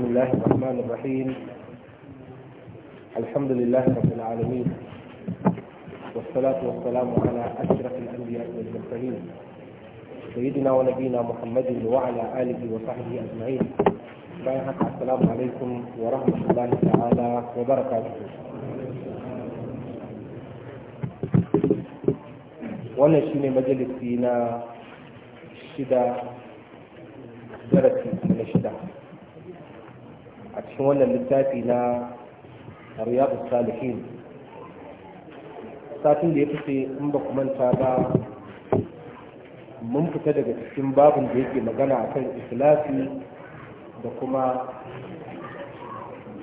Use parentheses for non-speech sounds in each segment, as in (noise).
بسم الله الرحمن الرحيم الحمد لله رب العالمين والصلاة والسلام على أشرف الأنبياء والمرسلين سيدنا ونبينا محمد وعلى آله وصحبه أجمعين السلام عليكم ورحمة الله تعالى وبركاته wannan مجلس فينا na shida darasi na الشدة. a cikin wannan littafi na riyadu salihin satin da ya fice in ba ku manta ba mun fita daga cikin babin da yake magana a kan islafi da kuma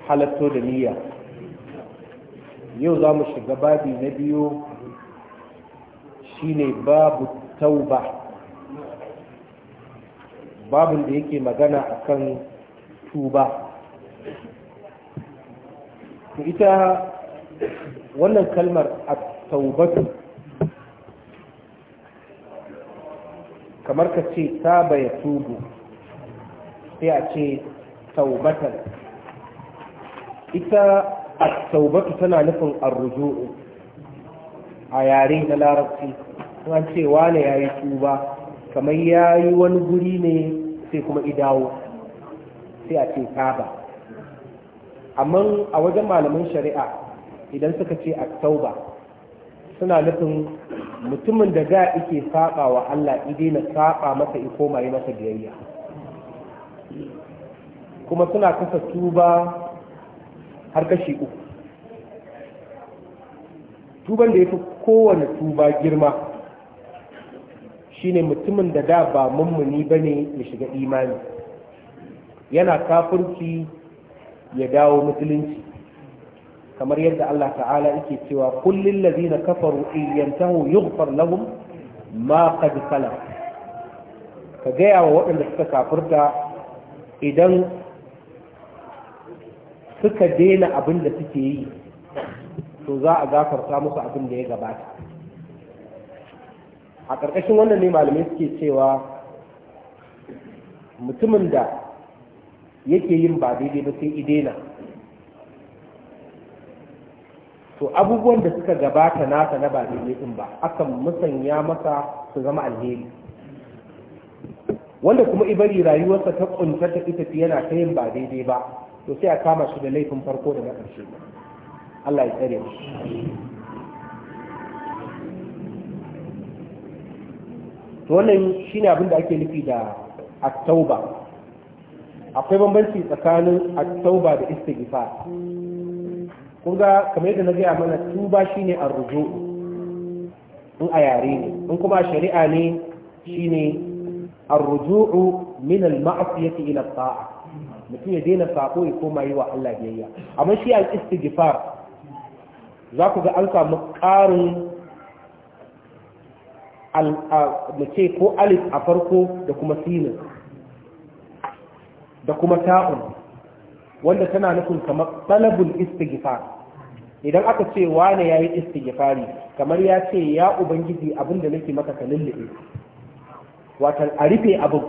halatto da niyya yau za mu shiga babi na biyu shine babu tauba babin da yake magana a akan tuba ita wannan kalmar a taubatu kamar ka ce saba ya tubu sai a ce taubatar ita a taubatu tana nufin arruzu'u a yare na larabci an ce wane ya yi tuba kamar ya yi wani guri ne sai kuma idawo sai a ce saba amma a wajen malaman shari'a idan suka ce a tauba suna nufin mutumin da ga ike saba wa Allah ide na saba masa iko mai masa biyayya kuma suna kasa tuba har kashi uku tuban da ya fi kowane tuba girma shine mutumin da da ba mummuni bane ne ya shiga imani yana kafirci ya dawo musulunci kamar yadda Allah ta'ala yake cewa kullin lazina kafaru in yantahu yughfar lahum ma qad salaf ka gaya wa waɗanda suka kafirta idan suka daina abin da suke yi to za a gafarta musu abin da ya gabata a ƙarƙashin wannan ne malamai suke cewa mutumin da yake yin ba daidai ba sai idena to abubuwan da suka gabata nasa na ba daidai din ba akan musanya masa su zama alheri wanda kuma ibari rayuwarsa ta ta ita yana ta yin ba daidai ba to sai a kama shi da laifin farko da na ƙarshe Allah ya tsare mu to wannan shine abin da ake nufi da at-tauba akwai bambanci tsakanin at-tauba da istighfar kun ga kamar yadda na gaya mana tuba shine rujo in a yare ne in kuma shari'a ne shine rujo min al-ma'siyati ila taa mutum ya daina sako ya koma yi wa Allah biyayya amma shi al-istighfar za ku ga an samu ƙarin mu mace ko alif a farko da kuma sinin da kuma ta'un wanda tana nufin kamar talabul istighfar idan aka ce wane yayi istighfari kamar ya ce ya ubangiji abin da nake maka kalilli lullube a rufe abin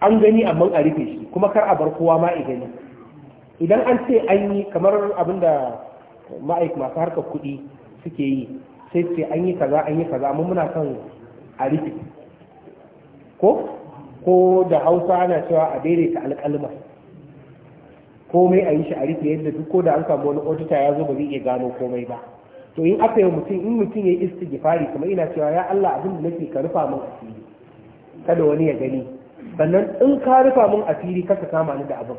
an gani amma a rufe shi kuma kar a bar kowa ma gani idan an ce an yi kamar abin da ma'aik masu harkar kuɗi suke yi sai ce an yi kaza an yi kaza amma muna son a rufe ko ko da hausa ana cewa a daidaita alƙalma komai a yi shi a rufe yadda duk ko da an samu wani otita ya zo ba zai iya gano komai ba to in aka yi mutum in mutum ya yi istighfari kuma ina cewa ya Allah abin da nake ka rufa min asiri kada wani ya gani sannan in ka rufa min asiri kaka kama ni da abin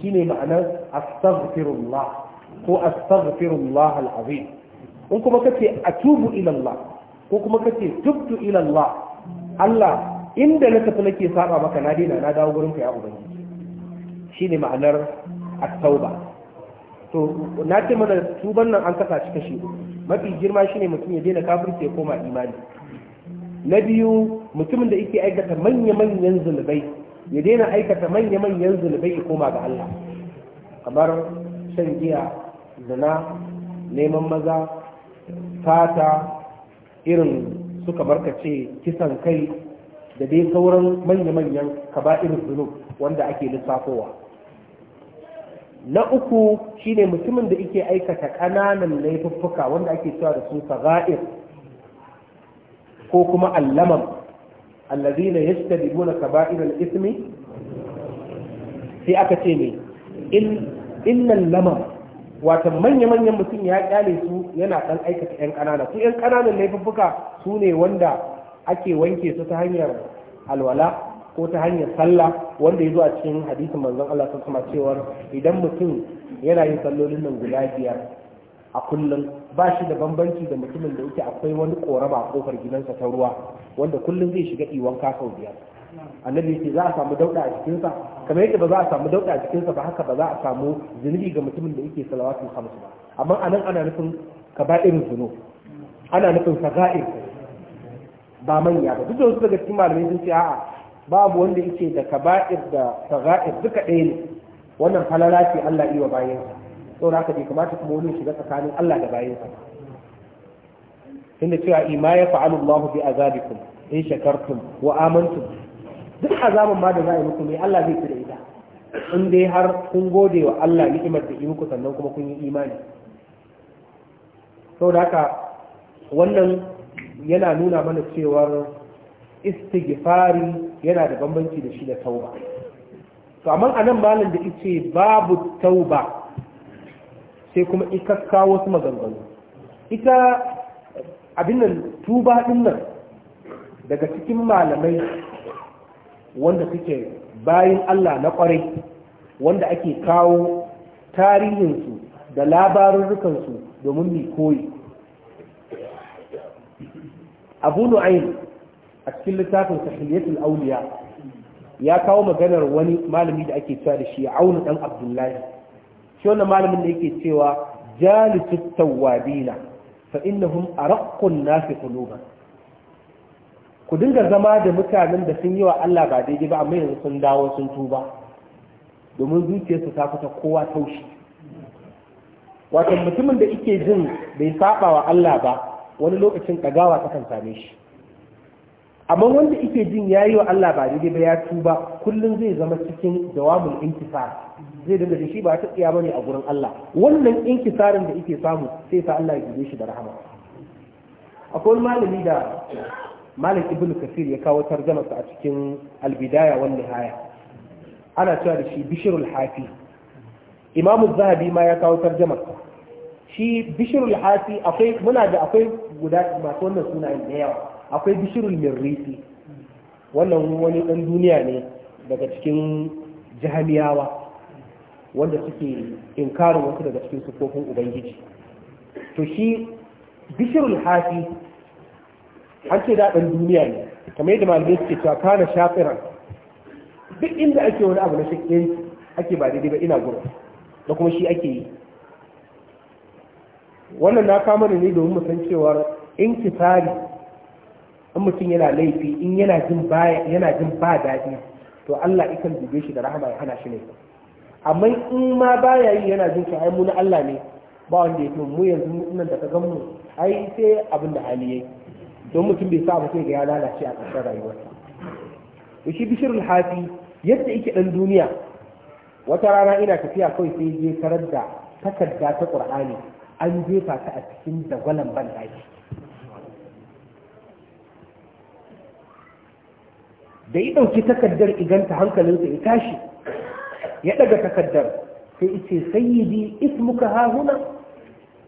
shine ma'anar astaghfirullah ko astaghfirullah alazim in kuma kace atubu ila Allah ko kuma kace tubtu ila Allah Allah inda na tafi nake saba maka na daina na dawo gurin ka ya ubangi shine ma'anar at-tauba to na ce mana tuban nan an kasa shi mafi girma shine mutum ya daina kafirce ya koma imani na biyu mutumin da yake aikata manya-manyan zunubai ya daina aikata manya-manyan zunubai ya koma ga Allah kamar shan giya zina neman maza fata irin suka barkace kisan kai da dai sauran manya-manyan kaba'irin zunub wanda ake lissafowa na uku shine mutumin da yake aikata ƙananan laifuffuka wanda ake cewa da su saga'ir ko kuma allamam allazina yastadibuna kaba'ir al ithmi sai aka ce ne innal lamam wata manya-manyan mutum ya kyale su yana dan aikata yan ƙanana su yan ƙananan laifuffuka su ne wanda ake wanke su ta hanyar alwala ko ta hanyar sallah wanda ya zo a cikin hadisin manzon Allah sun kuma cewar idan mutum yana yin sallolin nan guda biyar a kullum ba shi da bambanci da mutumin da yake akwai wani koraba a kofar gidansa ta ruwa wanda kullum zai shiga iwan kasau biyar annabi yake za a samu dauda a cikinsa kamar yadda ba za a samu dauda a cikinsa ba haka ba za a samu zunubi ga mutumin da yake salawatul hamsu ba amma anan ana nufin kaba'irin zunub ana nufin saga'ir ba manya ba duk da wasu daga cikin malamai sun ce a'a babu wanda yake da kaba'ir da sagha'ir duka ɗaya ne wannan falala ce Allah iya sa saboda haka bai kamata kuma wani shiga tsakanin Allah da sa tunda cewa ima ya fa'alu Allahu bi azabikum in shakartum wa amantum duk azaban ma da za a yi muku ne Allah zai tsira ita in dai har kun gode wa Allah ni'imar da yi muku sannan kuma kun yi imani saboda haka wannan yana nuna mana cewar istighfari yana da bambanci da shi da tauba to amma anan malam da ice babu tauba sai kuma ikakka wasu maganganu ita abin nan tuba din nan daga cikin malamai wanda suke bayin Allah na kwarai wanda ake kawo tarihinsu da labarurrukansu domin mai koyi abu nu'ayn a cikin littafin sahihiyatul awliya ya kawo maganar wani malami da ake cewa da shi aunu dan abdullahi shi wannan malamin da yake cewa jalisut tawabina fa innahum araqqun nasi quluban ku dinga zama da mutanen da sun yi wa Allah ba daidai ba amma yanzu sun dawo sun tuba domin zuciyarsu ta fita kowa taushi wato mutumin da yake jin bai saba wa Allah ba wani lokacin ɗagawa takan same shi amma wanda ike jin ya yi wa Allah ba daidai ba ya tuba kullum zai zama cikin jawabin inkisar zai dinga da shi ba ta tsaya bane a gurin Allah wannan inkisarin da ike samu sai sa Allah ya gide shi da rahama akwai malami da malam ibnu kasir ya kawo tarjama a cikin albidaya wan nihaya ana cewa da shi bishrul hafi imamu zahabi ma ya kawo tarjama shi bishrul hafi akwai muna da akwai guda masu wannan sunayen da yawa akwai bishirul mirrisi wannan wani ɗan duniya ne daga cikin jahamiyawa wanda suke inkarin wasu daga cikin sufofin ubangiji to shi bishirul hafi an ce daɗin duniya ne kamar yadda malamai suke cewa kana shafiran duk inda ake wani abu na shakken ake ba daidai ba ina gurin da kuma shi ake yi wannan na kama da ne domin mu san cewa in kisari in mutum yana laifi in yana jin ba daɗi to Allah ikan dube shi da rahama ya hana shi ne amma in ma baya yi yana jin ai mu na Allah ne ba wanda ya mu yanzu nan da ka gan mu ai sai abin da hali yayi don mutum bai sa mutum ga ya lalace a kasar rayuwarsa to shi bishirul hafi yadda yake dan duniya wata rana ina tafiya kawai sai je karar da takarda ta ƙur'ani. an jefa ta a cikin dagwalon ban da ya ɗauki takardar iganta hankalinsa ya tashi ya ɗaga takardar sai ice sayyidi ismuka hahuna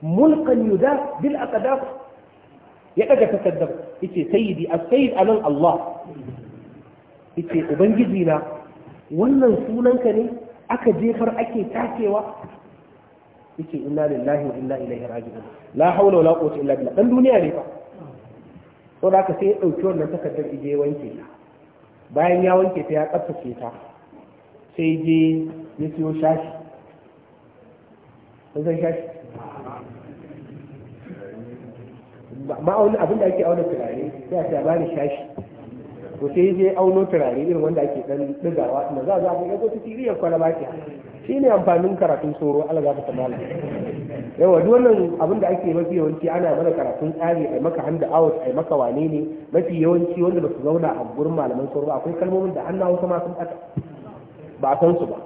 mulkan yuda bil aqdaf ya ɗaga takardar ice sayyidi as-sayyid anan Allah ice ubangiji na wannan sunanka ne aka jefar ake tacewa yake inna lillahi wa inna ilaihi raji'un la hawla wala quwwata illa billah dan duniya ne fa to da ka sai ya dauki wannan takardar ije wanke ta bayan ya wanke ta ya tsaftace ta sai je ya siyo shashi kun san shashi ma'aunin abin da ake auna turare sai a bani shashi to sai je auno turare irin wanda ake dan digawa na za za ga ko tiriyar kwalaba ke shine amfanin karatun tsoro Allah za ta mala yawa duk wannan abin da ake mafi yawanci ana mana karatun tsari ai maka handa out ai maka wane ne mafi yawanci wanda ba su zauna a gurin malaman soro ba akwai kalmomin da hannawa kuma sun ɓata ba a san su ba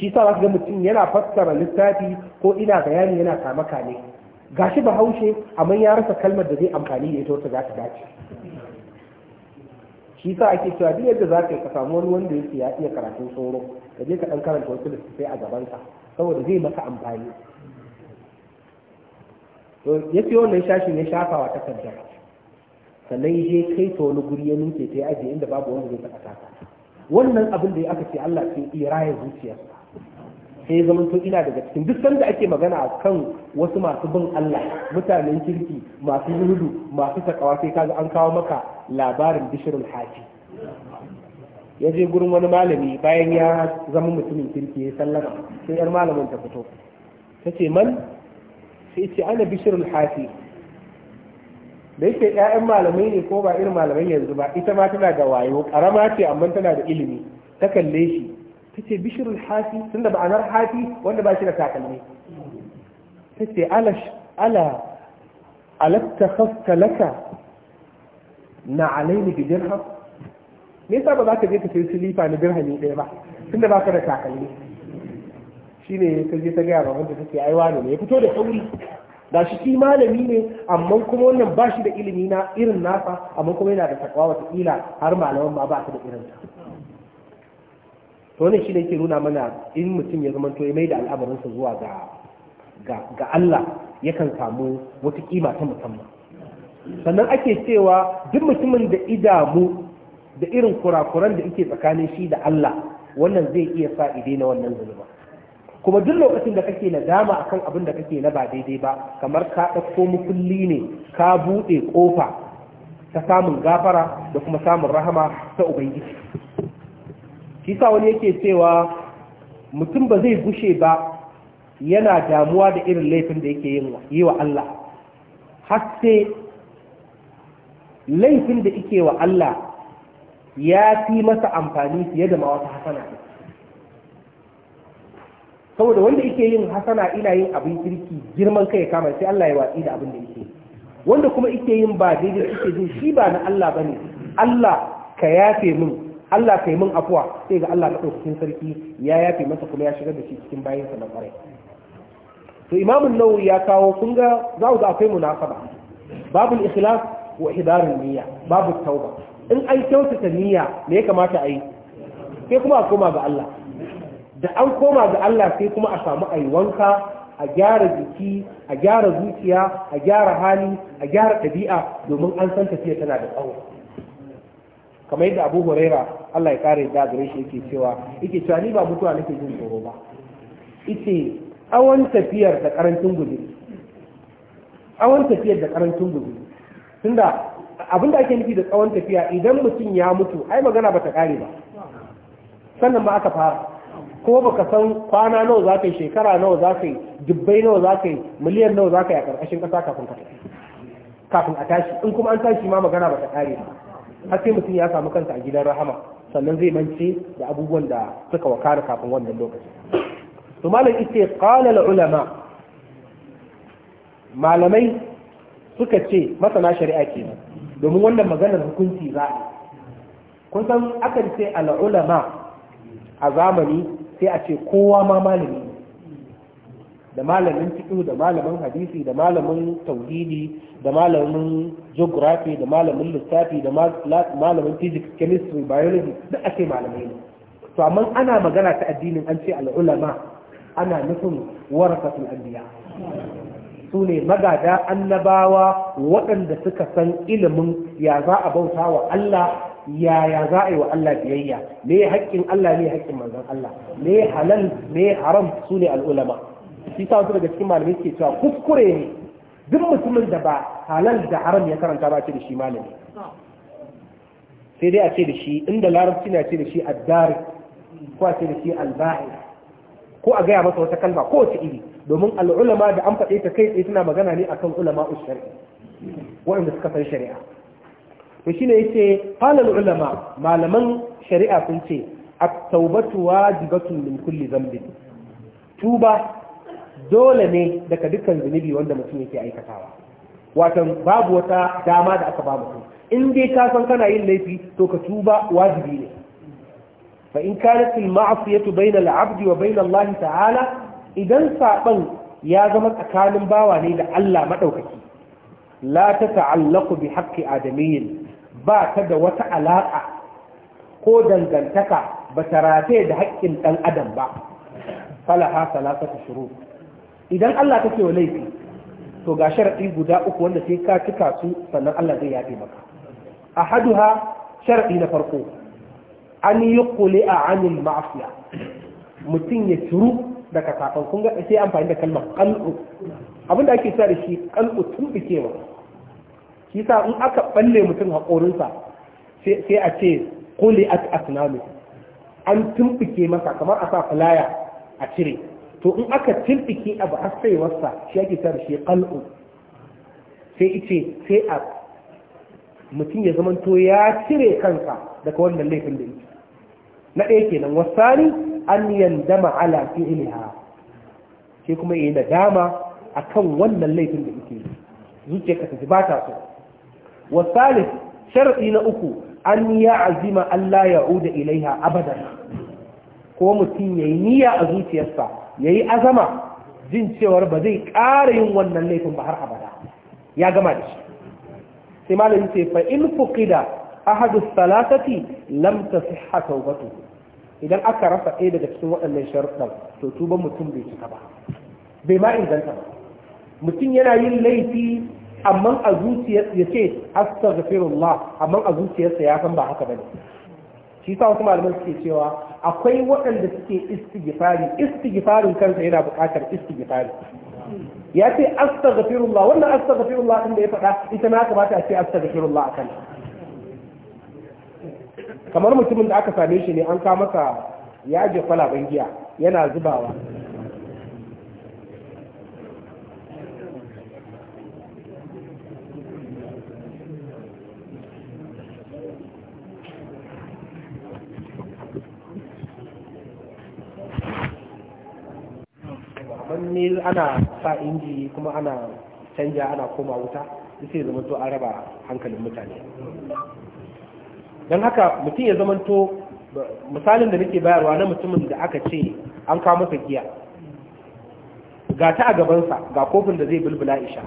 shi sa ga mutum yana fassara littafi ko ina bayani yana kama kame gashi bahaushe amma ya rasa kalmar da zai amfani da ita wata za ta dace shi sa ake cewa duk yadda za ka yi ka wani wanda yake ya iya karatu tsoro ka je ka ɗan karanta wasu littattafai a ka saboda zai maka amfani to ya fi wannan shashi ya shafa wa takarda sannan ya je kai ta wani guri ya ninke ta ya ajiye inda babu wanda zai taɓa taka wannan abin da ya aka ce Allah ya iya raya zuciyarsa sai zama to ina daga cikin duk sanda ake magana a kan wasu masu bin Allah mutanen kirki masu zuhudu masu takawa sai kaga an kawo maka labarin bishirul haji ya je gurin wani malami bayan ya zama mutumin kirki ya sallama sai yar malamin ta fito ta ce man sai ce ana bishirul haji da yake ƴaƴan malamai ne ko ba irin malamai yanzu ba ita ma tana da wayo karama ce amma tana da ilimi ta kalle shi ta ce bishirul hafi tun da ma'anar hafi wanda ba shi da takalmi ta ce ala alatta hafta laka na alaini bi dirham me yasa ba za ka je ka sayi silifa na dirhami ɗaya ba tun da ba ka da takalmi shine ta je ta gaya wanda ta ce ai wani ne ya fito da sauri ga shi shi malami ne amma kuma wannan ba shi da ilimi na irin nasa amma kuma yana da takwa wata kila har malaman ma ba su da irin ta to wannan ne ke nuna mana in mutum ya zama ya mai da al'amarinsa zuwa ga ga Allah yakan samu wata kima ta musamman sannan ake cewa duk mutumin da idamu da irin kurakuran da yake tsakanin shi da Allah wannan zai iya sa ide na wannan zunuba kuma duk lokacin da kake nadama akan abin da kake na ba daidai ba kamar ka ɗauko mukulli ne ka buɗe ƙofa ta samun gafara da kuma samun rahama ta ubangiji shi sa wani yake cewa mutum ba zai gushe ba yana damuwa da irin laifin da yake yi wa Allah har sai laifin da yake wa Allah ya fi masa amfani fiye da ma wata hasana saboda wanda yake yin hasana ina yin abin kirki girman kai kama sai Allah ya watsi da abin da yake wanda kuma yake yin ba daidai yake jin shi ba na Allah bane Allah ka yafe min Allah kai mun afuwa sai ga Allah madaukakin sarki ya yafe masa kuma ya shigar da shi cikin bayansa na kwarai to Imam an-Nawawi ya kawo kun ga za ku ga akwai munasaba Babu ikhlas wa hidarun niyya babu tauba in an kyautata niyya me ya kamata a yi sai kuma a koma ga Allah da an koma ga Allah sai kuma a samu a yi wanka a gyara jiki a gyara zuciya a gyara hali a gyara ɗabi'a domin an san tafiya tana da tsawo kamar yadda abu huraira allah ya kare da gare shi yake cewa yake cewa ni ba mutuwa nake jin tsoro ba ite awon tafiyar da karancin gudu, awon tafiyar da karancin guzuri tunda abin da ake nufi da tsawon tafiya idan mutum ya mutu ai magana ba ta kare ba sannan ba aka fara ko baka san kwana nawa za ka yi shekara nawa za ka yi dubbai nawa za ka yi miliyan nawa za ka yi a ƙarƙashin ƙasa kafin ka kafin a tashi in kuma an tashi ma magana ba ta ƙare ba har sai mutum ya samu kansa a gidan rahama sannan zai mance da abubuwan da suka wakana kafin wannan lokaci to malam ita qala al ulama malamai suka ce masana shari'a ke domin wannan maganar hukunci za a kun san akan ce al ulama a zamani sai a ce kowa ma malami da malamin fiqh da malamin hadisi da malamin tauhidi da malamin geography da malamin lissafi da malamin physics chemistry biology duk ake malamai ne to amma ana magana ta addinin an ce al'ulama ana nufin warasatul anbiya su ne magada annabawa waɗanda suka san ilimin ya za a bauta wa Allah yaya za a yi wa Allah biyayya me haƙƙin Allah ne haƙƙin manzon Allah me halal me haram su ne al'ulama shi sa wasu daga cikin malamai ke cewa kuskure ne duk mutumin da ba halal da haram ya karanta ba ce da shi malami sai dai a ce da shi inda larabci na ce da shi addari ko a ce da shi albahi ko a gaya masa wata kalma ko wata iri domin al'ulama da an faɗe ta kai tsaye suna magana ne akan ulama ushari waɗanda suka san shari'a to shine yace halal ulama malaman shari'a sun ce at-taubatu wajibatun min kulli dhanbin tuba dole ne daga dukkan zunubi wanda mutum yake aikatawa watan babu wata dama da aka ba mutum in dai ka san kana yin laifi to ka tuba wajibi ne fa in kanat al ma'siyatu bayna al 'abdi wa bayna Allah ta'ala idan saban ya zama tsakanin bawa ne da Allah madaukaki la ta bi haqqi adamiyyin ba ta da wata alaka ko dangantaka ba ta rataye da haƙƙin ɗan adam ba falaha salasatu shiru. idan Allah ta ce wa laifi to ga sharadi guda uku wanda sai ka cika su sannan Allah zai yafe maka ahaduha sharadi na farko an yuqli anil ma'afiya, mutum ya turu daga kafan kun ga sai amfani da kalmar qalbu abinda ake sa da shi qalbu tumbikewa shi sa in aka balle mutum haƙorinsa sai a ce quli at asnanu an tumbike masa kamar a sa filaya a cire to in aka tilbiki abu har sai wasa shi ake tar shi qal'u sai ice sai a mutum ya to ya cire kansa daga wannan laifin da yake na ɗaya kenan wasani an yandama ala fi'liha sai kuma yi nadama akan wannan laifin da yake Zuciya ta ji ba ta so wasalif sharadi na uku an ya azima Allah ya uda ilaiha abadan ko mutum yayi niyya a zuciyarsa ya yi azama jin cewar ba zai ƙara yin wannan laifin ba har abada ya gama da shi sai malamin ce fa in fuqida ahadu salatati lam tasihha idan aka rasa ɗaya daga cikin waɗannan sharuɗan to tuban mutum bai cika ba bai ma inganta ba mutum yana yin laifi amma a zuciyarsa ya ce astaghfirullah amma a zuciyarsa ya san ba haka bane shi sa wasu malaman suke cewa akwai waɗanda suke istighfari istighfarin kansa yana buƙatar istighfari ya ce astaghfirullah wannan astaghfirullah din da ya faɗa ita ma kamata a ce astaghfirullah a kan kamar mutumin da aka same shi ne an ka masa ya ajiye kwalaben giya yana zubawa ne ana sa inji kuma ana canja ana koma wuta sai zama to an raba hankalin mutane don haka mutum ya zama to misalin da nake bayarwa na mutumin da aka ce an kawo masa giya ga ta a gabansa ga kofin da zai bulbula isha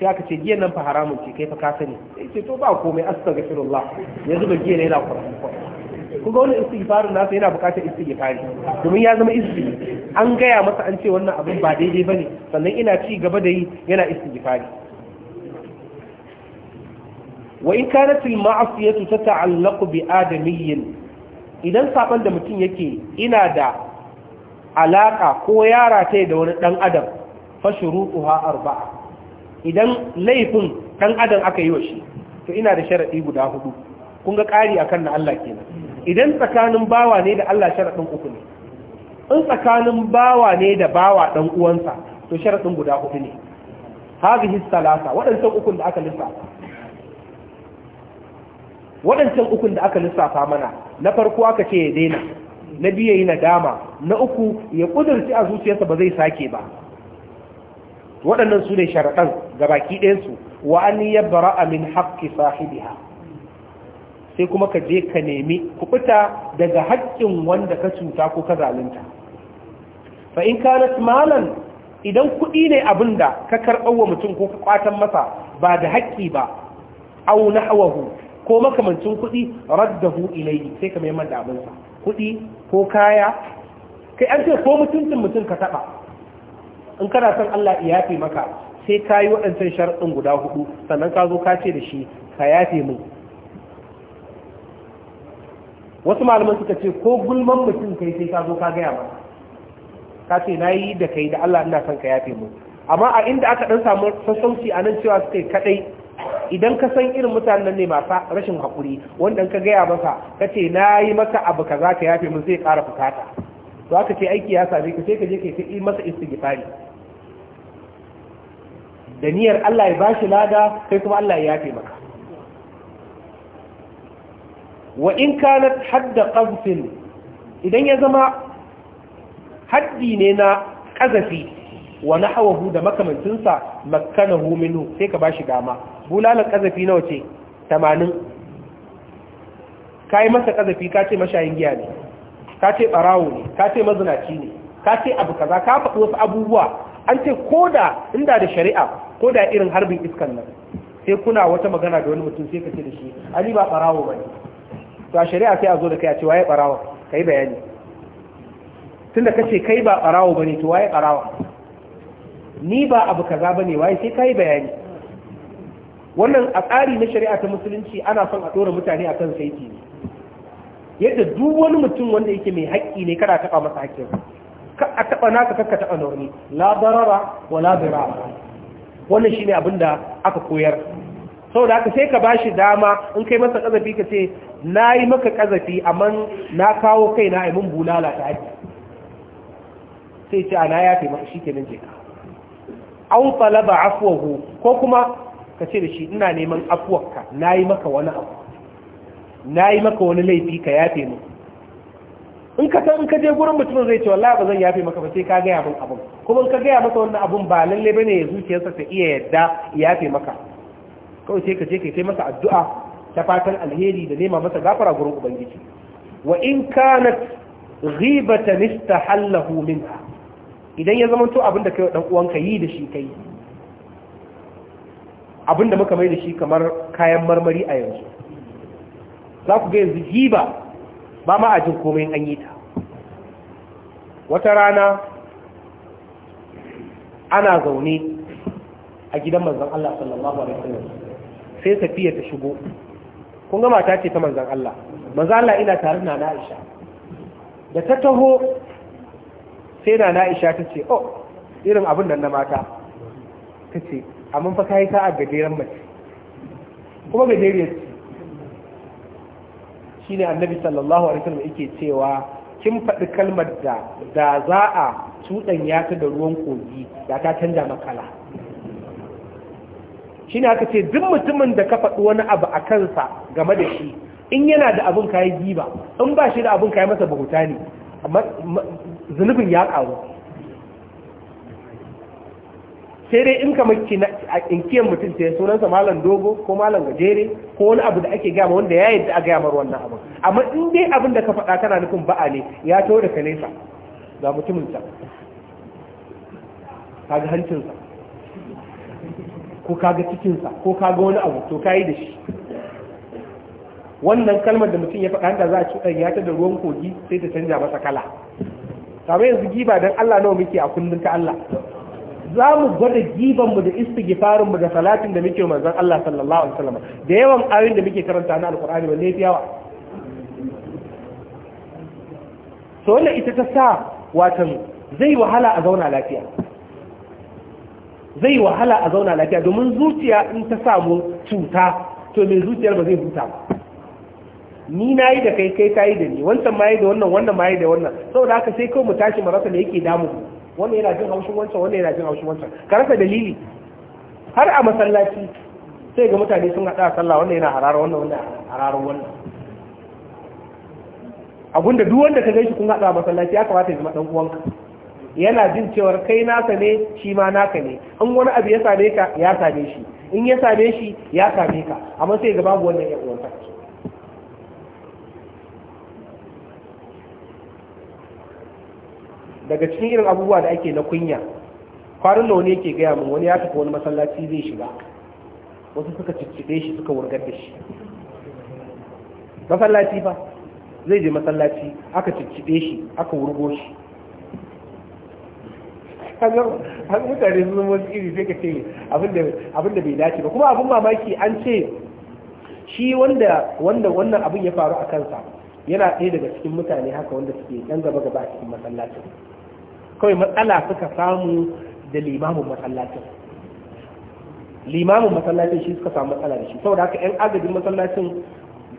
sai aka ce giyan nan fa haramun ce kai fa ka sani sai ce to ba komai astaghfirullah ya zuba giya ne yana kwarfi kuga ga istighfar na nasa yana bukatar istighfar domin ya zama izini an gaya masa an ce wannan abin ba daidai bane sannan ina ci gaba da yi yana istighfar wa in kanat al ma'siyatu tata'allaqu bi adamiyyin idan sabon da mutum yake ina da alaka ko yara ta da wani dan adam fa shurutuha arba'a idan laifin dan adam aka yi wa shi to ina da sharadi guda hudu kun ga ƙari akan na Allah kenan idan tsakanin bawa ne da Allah sharaɗin uku ne in tsakanin bawa ne da bawa ɗan uwansa to sharaɗin guda uku ne hadhihi salasa waɗancan ukun da aka lissafa waɗancan ukun da aka lissafa mana na farko aka ce ya daina na biya yi nadama na uku ya ƙudurci a zuciyarsa ba zai sake ba waɗannan su ne sharaɗan ga baki ɗayansu wa an yabbara min haƙƙi sahibiha sai kuma ka je ka nemi kuɓuta daga haƙƙin wanda ka cuta ko ka zalunta fa in kanat malan idan kuɗi ne abinda ka karɓar wa mutum ko ka ƙwatan masa ba da haƙƙi ba au nahwahu ko makamancin kuɗi raddahu ilayhi sai ka mai manda abinsa kuɗi ko kaya kai an ce ko mutuncin mutum ka taɓa in kana son Allah ya yafe maka sai ka yi waɗancan sharaɗin guda hudu sannan ka zo ka ce da shi ka yafe mu wasu malaman suka ce ko gulman mutum kai sai ka zo ka gaya ba ka ce na yi da kai da Allah ina son ka yafe mu amma a inda aka dan samu sassauci a nan cewa suka yi kadai idan ka san irin mutanen ne masu rashin haƙuri wanda ka gaya masa ka ce na yi maka abu kaza ka yafe mu zai ƙara fukata. to aka ce aiki ya same ka sai ka je ka yi masa istighfari da niyyar Allah ya bashi lada sai kuma Allah ya yafe maka wa in kanat hadda qazfin idan ya zama haddi ne na ƙazafi wa nahwahu da makamancinsa sa makkanahu sai ka bashi gama, bulalan ƙazafi nawa ce 80 kai masa ƙazafi ka ce mashayin giya ne ka ce barawo ne ka ce mazinaci ne ka ce abu kaza ka faɗi wasu abubuwa an ce koda inda da shari'a koda irin harbin iskan nan sai kuna wata magana da wani mutum sai ka ce da shi ali ba barawo bane to a shari'a sai a zo da kai a ce waye barawa kai bayani tunda kace kai ba barawo bane to waye barawa ni ba abu kaza bane waye sai kai bayani wannan a tsari na shari'a ta musulunci ana son a dora mutane akan saiti ne yadda duk wani mutum wanda yake mai haƙƙi ne kada taɓa masa haƙƙin ka a taɓa naka kakka taɓa na wani la darara wa la dirara wannan shine abin da aka koyar saboda haka sai ka bashi dama in kai masa kazafi ka ce na yi maka ƙazafi amma na kawo kai na aimin bulala ta haji sai ce ana ya taimaka shi kenan je an talaba afuwahu ko kuma ka ce da shi ina neman afuwarka na yi maka wani abu na yi maka wani laifi ka yafe mu in ka san in ka je gurin mutumin zai ce wallahi ba zan yafe maka ba sai ka gaya min abun. kuma in ka gaya masa wannan abun ba lalle bane ya zuciyarsa ta iya yadda yafe maka kawai sai ka je ka kai masa addu'a ta fatan alheri da nema masa gafara gurin ubangiji wa in kanat ghibatan istahallahu minha idan ya zama to abinda kai dan uwanka yi da shi kai abinda muka mai da shi kamar kayan marmari a yanzu za ku ga yanzu giba ba ma a komai an yi ta wata rana ana zaune a gidan manzon Allah sallallahu alaihi wasallam sai safiya ta shigo kun ga mata ce ta manzan Allah manzan Allah ina tare na Aisha da ta taho sai na Aisha ta ce oh irin abin nan na mata ta ce amma fa kai sa'a gajeren mace kuma gajeriyar ce shine annabi sallallahu alaihi wasallam yake cewa kin faɗi kalmar da da za a ya ta da ruwan kogi da ta canja makala shi ne aka ce duk mutumin da ka faɗi wani abu a kansa game da shi in yana da abin kayi giba in ba shi da abin kayi masa bahuta ne zunubin ya ƙaru sai dai in kamar inkiyan mutum sai sunansa malam dogo ko malam gajere ko wani abu da ake gama wanda ya yadda a gamar wannan abin amma in dai abin da ka faɗa kana nufin ba'a ne ya to da ka nesa ga mutumin ta ga hancinsa ko kaga cikinsa ko kaga wani abu to kayi da shi wannan kalmar da mutum ya faɗa da za a ci ya yata da ruwan kogi sai ta canja masa kala kamar yanzu giba don Allah nawa muke a kundin ta Allah za mu gwada gibanmu da istighfarinmu da salatin da muke manzon Allah sallallahu alaihi wasallam da yawan ayoyin da muke karanta na alkur'ani ba ne yawa to wannan ita ta sa watan zai wahala a zauna lafiya zai wahala a zauna lafiya domin zuciya in ta samu cuta to mai zuciyar ba zai huta ba ni na yi da kai kai ta yi da ni wancan ma yi da wannan wannan ma yi da wannan saboda haka sai kawai mu tashi mu rasa da yake damu wannan yana jin haushin wancan wannan yana jin haushin wancan ka rasa dalili har a masallaci sai ga mutane sun haɗa sallah wannan yana harara wannan wannan harara wannan abunda duk wanda ka gaishe kun haɗa masallaci ya kamata ya zama ɗan uwanka yana jin cewar kai nasa ne shi ma naka ne in wani abu ya same ka ya same shi in ya same shi ya same ka amma sai ga babu wannan yan daga cikin irin abubuwa da ake na kunya kwarin da wani yake gaya min wani ya tafi wani masallaci zai shiga wasu suka ciccide shi suka wurgar da shi masallaci fa zai je masallaci aka ciccide shi aka wurgo shi har mutane sun zama iri sai ka ce abin da bai dace ba kuma abin mamaki an ce shi wanda wannan abin ya faru a kansa yana ɗaya daga cikin mutane haka wanda suke ɗan gaba gaba a cikin masallacin kawai matsala suka samu da limamin masallacin limamin masallacin shi suka samu matsala da shi saboda haka yan agajin masallacin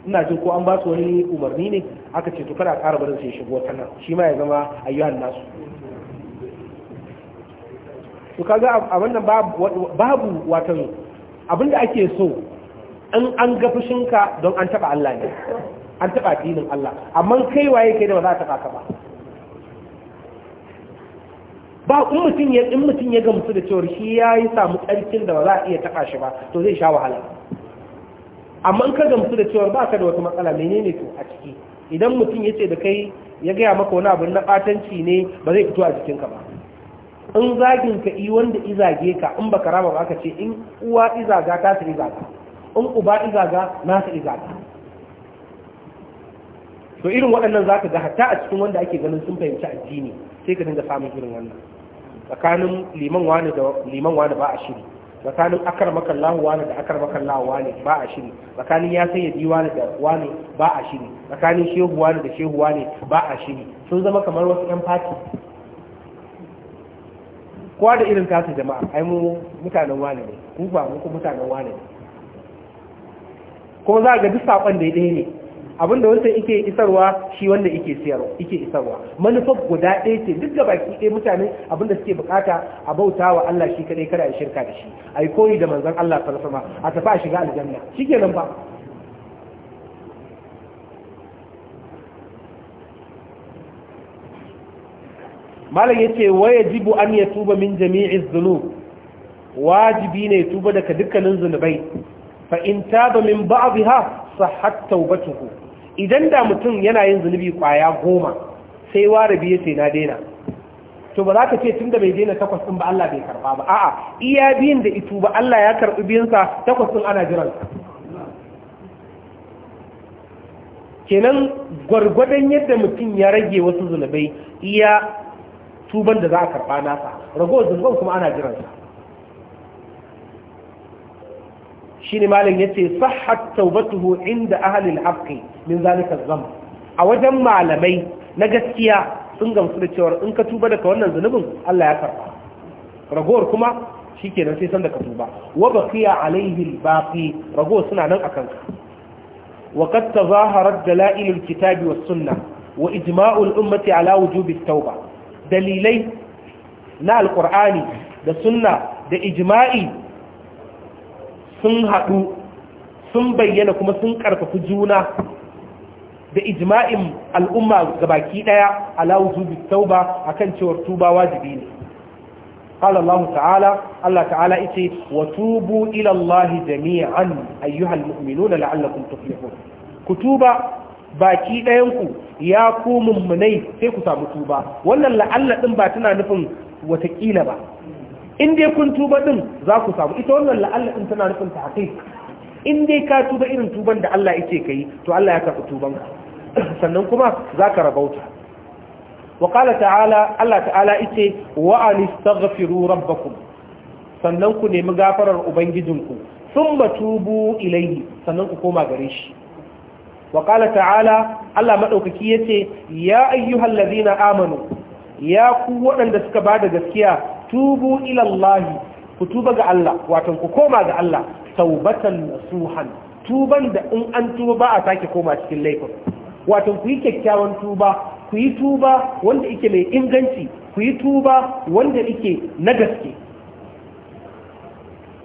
ina jin ko an ba su wani umarni ne aka ce to kada ƙara barin sai shigo ta nan shi ma ya zama ayyuhan nasu to kaga a wannan babu watan abinda ake so in an ga fushinka don an taba Allah ne an taba dinin Allah amma kai waye kai da ba za ka taba ka ba ba in mutum ya in mutum ya gamsu da cewa shi yayi samu karkin da ba za a iya taba shi ba to zai sha wahala amma in ka gamsu da cewa ba ka da wata matsala menene to a ciki idan mutum ya ce da kai ya gaya maka wani abu na batanci ne ba zai fito a jikinka ba in zagin ka yi wanda izage ka in baka rama ba ka ce in uwa izaga ta ta izaga in uba izaga na ta izaga to irin waɗannan zaka ga hatta a cikin wanda ake ganin sun fahimci addini sai ka dinga samun irin wannan tsakanin liman wani da liman wani ba a shiri tsakanin akar makallahu wani da akar makallahu wani ba a shiri tsakanin ya sanya di wani da wani ba a shiri tsakanin shehu wani da shehu wani ba a shiri sun zama kamar wasu yan fati kowa da irin tasu jama'a ai mu mutanen wane ne ku ba mu mutanen wane ne kuma za ga duk sakon da ɗaya ne abin da wancan ike isarwa shi wanda ike siyarwa ike isarwa manufar guda ɗaya ce duk da baki ɗaya mutane abin da suke bukata a bauta wa Allah shi kadai kada a shirka da shi yi koyi da manzon Allah sallallahu alaihi wasallam a tafi a shiga aljanna shikenan ba malam yace waya jibu an ya tuba min jami'i dhunub wajibi ne tuba daga dukkanin zunubai fa in taba min ba'dha sahhat tawbatuhu idan da mutum yana yin zunubi kwaya goma sai warabi yace na daina to ba za ka ce tun da bai daina takwas din ba Allah bai karba ba a'a iya biyin da itu ba Allah ya karbi biyansa sa takwas din ana jiran kenan gwargwadon yadda mutum ya rage wasu zunubai iya tuban da za a karɓa nasa ragowar zunuban kuma ana jiransa shi ne malin ya ce sahat taubatuhu inda ahalin haƙƙi min zalika zama a wajen malamai na gaskiya sun gamsu da cewar in ka tuba daga wannan zunubin Allah ya karɓa ragowar kuma shi kenan sai san da ka tuba wa baqiya alaihi baqi ragowar suna nan akan ka wa qad da dalailul kitabi wa sunna wa ijma'ul ummati ala wujubi tauba dalilai na alkur'ani da sunna da ijma'i sun haɗu sun bayyana kuma sun ƙarfafi juna da ijma'in al'umma ga baki ɗaya alawu zubi tauba a kan cewar tuba wajibi ne قال الله تعالى الله تعالى إتي وتوبوا إلى الله جميعا أيها المؤمنون لعلكم تفلحون baki ɗayanku ya ku mummunai sai ku samu tuba wannan la'alla ɗin ba tana nufin watakila ba in dai kun tuba ɗin za ku samu ita wannan la'alla ɗin tana nufin ta haƙe. in dai ka tuba irin tuban da Allah yake ka yi to Allah ya karɓi tubanka (coughs) sannan kuma za ka rabauta wa ƙala ta'ala Allah ta'ala ita wa an rabbakum sannan ku nemi gafarar ubangijinku thumma tubu ilayhi sannan ku koma gare shi wa ta'ala Allah ya yace ya ayyuhal ladina amanu ya ku waɗanda suka bada gaskiya tubu ilallahi, ku tuba ga Allah watan ku koma ga Allah taubatan nasuhan tuban da in an tuba ba a sake koma cikin laifin watan ku yi kyakkyawan tuba ku yi tuba wanda yake mai inganci ku yi tuba wanda yake na gaske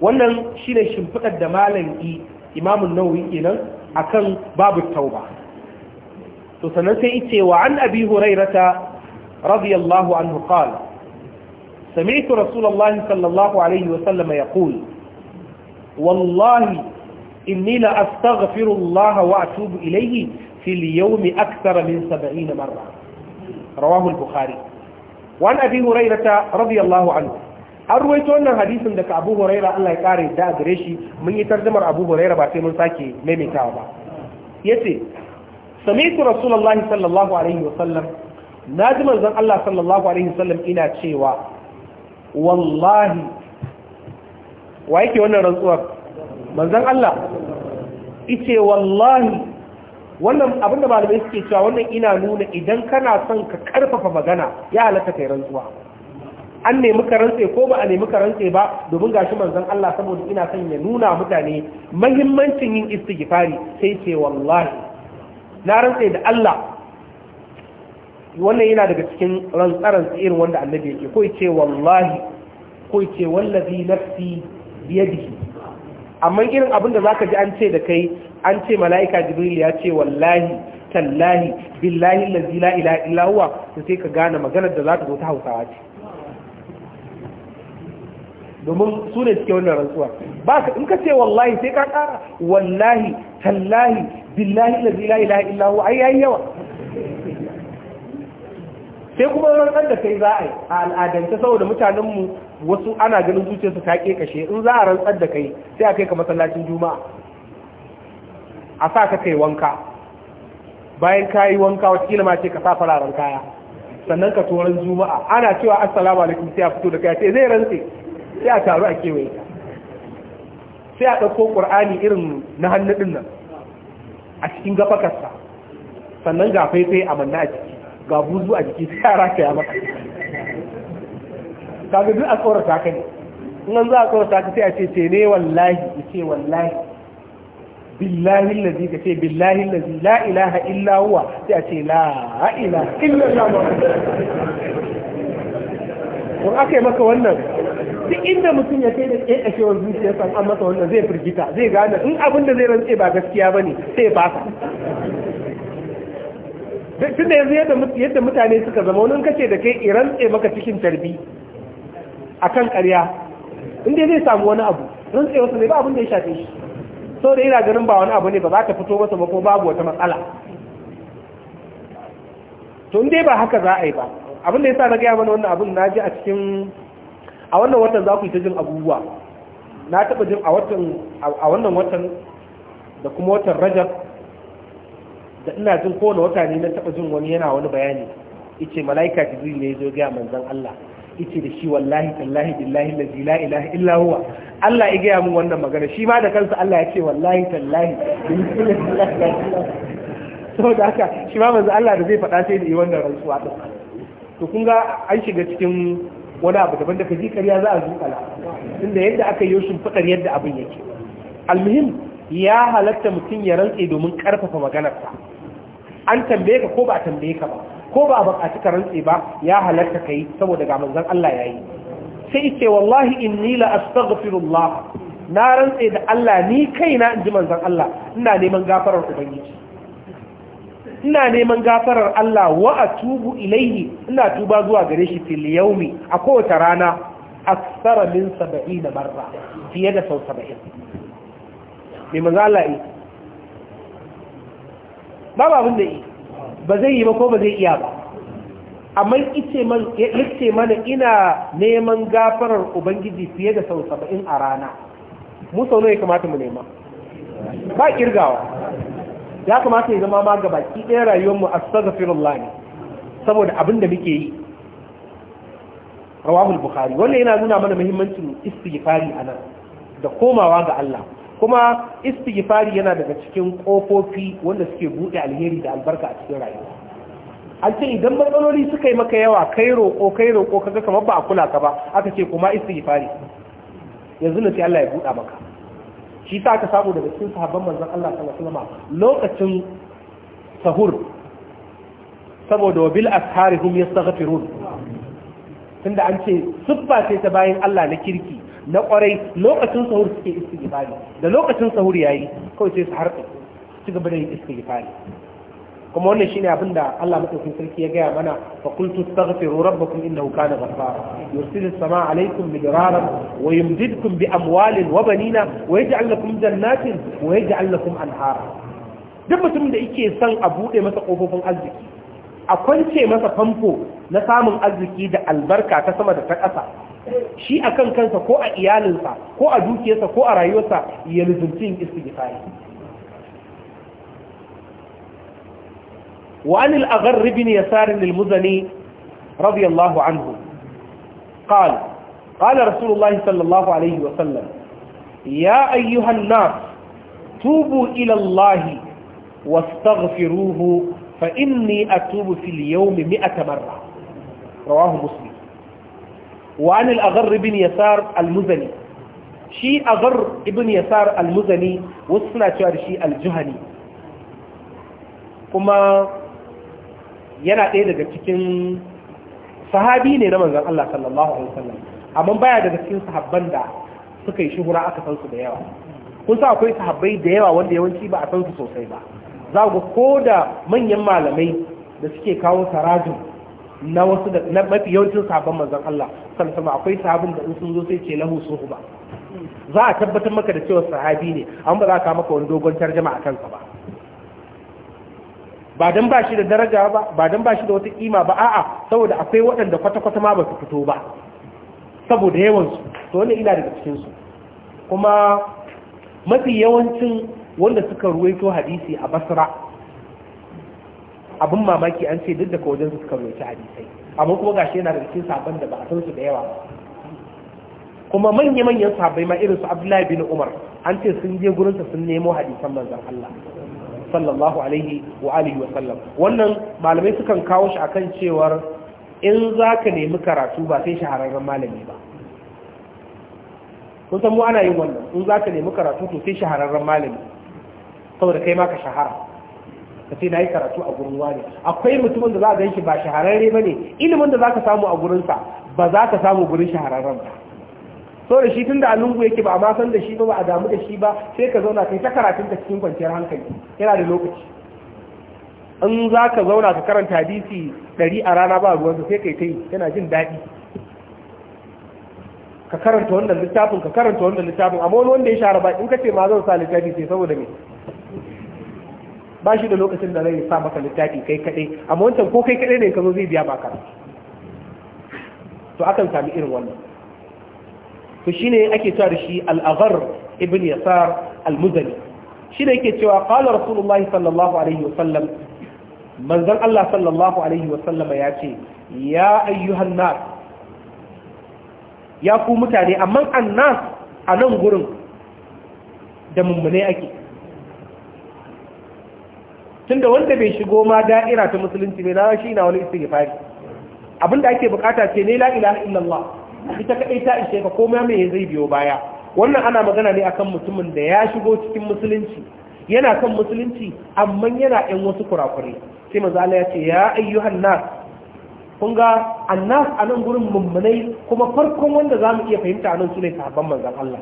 wannan shine shimfiɗar da malam yi imamun nawawi kenan akan babu tauba to sanan sai ice wa an abi hurairata radiyallahu anhu qala sami'tu rasulullahi sallallahu alaihi wa sallam yaqul wallahi inni la astaghfiru allah wa atubu ilayhi fi al-yawm akthar min 70 marra rawahu al-bukhari wa an abi hurairata radiyallahu anhu an ruwaito wannan hadisin daga abu huraira Allah ya kare da gare shi mun yi tarjumar abu huraira ba sai mun sake maimaitawa ba Ya ce, sami'tu rasulullahi sallallahu alaihi wa sallam ji manzon Allah sallallahu alaihi wa sallam ina cewa wallahi wa yake wannan rantsuwar manzon Allah ice wallahi wannan abinda malamai suke cewa wannan ina nuna idan kana son ka karfafa magana ya halatta kai rantsuwa an nemi karantse ko ba a nemi karantse ba domin gashi manzon Allah saboda ina son ya nuna mutane mahimmancin yin istighfari sai ce wallahi na rantse da Allah wannan yana daga cikin rantsaran irin wanda annabi yake ko ce wallahi ko ce wallazi nafsi biyadihi amma irin abin da zaka ji an ce da kai an ce mala'ika jibril ya ce wallahi tallahi billahi allazi la ilaha illa huwa sai ka gane maganar da zaka zo ta Hausawa ce domin su ne suke wannan rantsuwa ba ka in ka ce wallahi sai ka kara wallahi tallahi billahi la ilaha illa hu ai yayi yawa sai kuma rantsar da kai za a yi a al'adance saboda mutanenmu wasu ana ganin zuciyarsu ta ke kashe in za a rantsar da kai sai a kai ka masallacin juma'a a sa ka kai wanka bayan ka yi wanka watakila ma ce ka sa fararen kaya sannan ka turan juma'a ana cewa assalamu alaikum sai a fito da kai sai zai rantse sai a taru a kewaye ta sai a ɗauko ƙur'ani irin na hannu ɗin nan a cikin gafakarsa sannan ga faifai a manna a ciki ga buzu a jiki sai a rataya maka kaga duk a tsorata ka ne nan za a tsorata ka sai a ce ce ne wallahi ya ce wallahi billahi lazi ka ce billahi lazi la ilaha illa huwa sai a ce la ilaha illa Allah in aka yi maka wannan duk inda mutum ya kai da zuciya san an masa wannan zai firgita zai gane in abin da zai rantse ba gaskiya ba ne sai fasa tunda yanzu yadda mutane suka zama wani kace da kai iran rantse maka cikin tarbi a kan ƙarya inda zai samu wani abu rantse wasu ne ba abin da ya shafe shi Sau da yana ganin ba wani abu ne ba za ka fito masa ba ko babu wata matsala to dai ba haka za a yi ba abin da ya sa na gaya mana wannan abin na ji a cikin a wannan watan za ku yi ta jin abubuwa na taɓa jin a wannan watan da kuma watan rajab da ina jin kowane wata ne na taɓa jin wani yana wani bayani ice mala'ika zuri ne zo gaya manzan Allah ice da shi wallahi tallahi billahi lazi la ilaha illa huwa Allah ya gaya mu wannan magana shi ma da kansa Allah ya ce wallahi tallahi da haka shi ma manzan Allah da zai faɗa sai da yi wannan rantsuwa to kun ga an shiga cikin wani abu daban da ka ji ƙarya za a zuƙala inda yadda aka yi sun fadar yadda abin yake almuhim ya halatta mutum ya rantse domin ƙarfafa maganarsa an tambaye ka ko ba a tambaye ka ba ko ba a buƙaci ka rantse ba ya halatta ka yi saboda ga manzon Allah ya yi sai ce wallahi inni la astaghfirullah na rantse da Allah ni kaina in ji manzon Allah ina neman gafarar ubangiji ina neman gafarar Allah wa tubu ilaihi ina tuba zuwa gare shi fil yaumi a kowace rana a tsara min da barra fiye da sau saba'in. me maza Allah yi ba ba abin da yi ba zai yi ba ko ba zai iya ba amma yace mana ina neman gafarar ubangiji fiye da sau saba'in a rana mu sau ne kamata mu nema ba kirgawa ya kamata ya zama ma ga baki ɗaya rayuwarmu astaghfirullah ne saboda abin da muke yi rawahul bukhari wannan yana nuna mana muhimmancin istighfari a nan da komawa ga Allah kuma istighfari yana daga cikin ƙofofi wanda suke buɗe alheri da albarka a cikin rayuwa an ce idan matsaloli suka yi maka yawa kai roƙo kai roƙo kaga kamar ba a kula ka ba aka ce kuma istighfari yanzu na sai Allah ya buɗa maka shi sa ka samu daga cikin sahabban manzon Allah sallallahu alaihi wasallam lokacin sahur saboda wa asharihum yastaghfirun tunda an ce siffa ce ta bayan Allah na kirki na kwarai lokacin sahur suke istighfari da lokacin sahur yayi kawai sai su harka su gaba da yin istighfari kuma wannan shine abin da Allah madaukakin sarki ya gaya mana fa qultu astaghfiru rabbakum innahu kana ghaffara yursilu as-samaa alaykum midraran wa yumdidkum bi amwalin wa banina wa yaj'al lakum jannatin wa yaj'al lakum anhara duk mutumin da yake son a bude masa kofofin arziki a kwance masa famfo na samun arziki da albarka ta sama da ta ƙasa shi akan kansa ko a iyalinsa ko a dukiyarsa ko a rayuwarsa ya lizumcin istighfari وعن الأغر بن يسار المزني رضي الله عنه قال قال رسول الله صلى الله عليه وسلم يا أيها الناس توبوا إلى الله واستغفروه فإني أتوب في اليوم مئة مرة رواه مسلم وعن الأغر بن يسار المزني شي أغر بن يسار المزني وصنع شي الجهني كما yana ɗaya daga cikin sahabi ne na manzan Allah sallallahu alaihi wasallam amma baya daga cikin sahabban da suka yi shuhura aka san su da yawa kun sa akwai sahabbai da yawa wanda yawanci ba a san su sosai ba za ku ko da manyan malamai da suke kawo sarajin na wasu da na mafi yawancin sahabban manzan Allah sallallahu akwai sahabin da in sun zo sai ce lahu suhu ba za a tabbatar maka da cewa sahabi ne amma ba za ka maka wani dogon tarjama a kansa ba ba dan ba shi da daraja ba ba dan ba shi da wata kima ba a'a saboda akwai waɗanda kwata-kwata ma ba su fito ba saboda yawansu to wani ina daga cikin su kuma mafi yawancin wanda suka ruwaito hadisi a basra abin mamaki an ce duk ka wajen suka ruwaito hadisai amma kuma gashi yana da cikin sabon da ba a san su da yawa ba kuma manya-manyan sabai ma irin su abdullahi bin umar an ce sun je gurinsa sun nemo hadisan manzan allah sallallahu alaihi wa alihi wa sallam wannan malamai sukan kawo shi akan cewar in za ka nemi karatu ba sai shahararren malami ba kun san mu ana yin wannan in za ka nemi karatu to sai shahararren malami saboda kai ma ka shahara ka ce na yi karatu a gurin wani akwai mutumin da za a gan shi ba shahararre ba ne ilimin da za ka samu a gurinsa ba za ka samu gurin shahararren ba so da shi tun da alungu yake ba a san da shi ba ba a damu da shi ba sai ka zauna kai ta karatun ka cikin kwanciyar hankali yana da lokaci in za ka zauna ka karanta hadisi ɗari a rana ba ruwan sai kai ta yi yana jin daɗi ka karanta wannan littafin ka karanta wannan littafin amma wani wanda ya share ba in ka ce ma zan sa littafi sai saboda me ba shi da lokacin da zai sa maka littafi kai kaɗai amma wancan ko kai kaɗai ne ka zo zai biya ba ka to akan sami irin wannan to ne ake cewa da shi al ibn yasar al-muzani Shi ne yake cewa qala rasulullahi sallallahu alaihi wasallam manzan Allah sallallahu alaihi wasallama ya ce ya ayyuhan na ya ku mutane amma na a nan gurin da mummune ake tunda wanda bai shigo ma da'ira ta musulunci mai na shi na wani istighfari abinda ake bukata ce ne la ilaha illallah ita kaɗai ta ishe ka koma mai zai biyo baya wannan ana magana ne akan mutumin da ya shigo cikin musulunci yana kan musulunci amma yana ɗan wasu kurakure sai maza Allah ya ce ya ayyuhan nas kun ga annas a nan gurin mummunai kuma farkon wanda za mu iya fahimta a nan su ne sahabban manzan Allah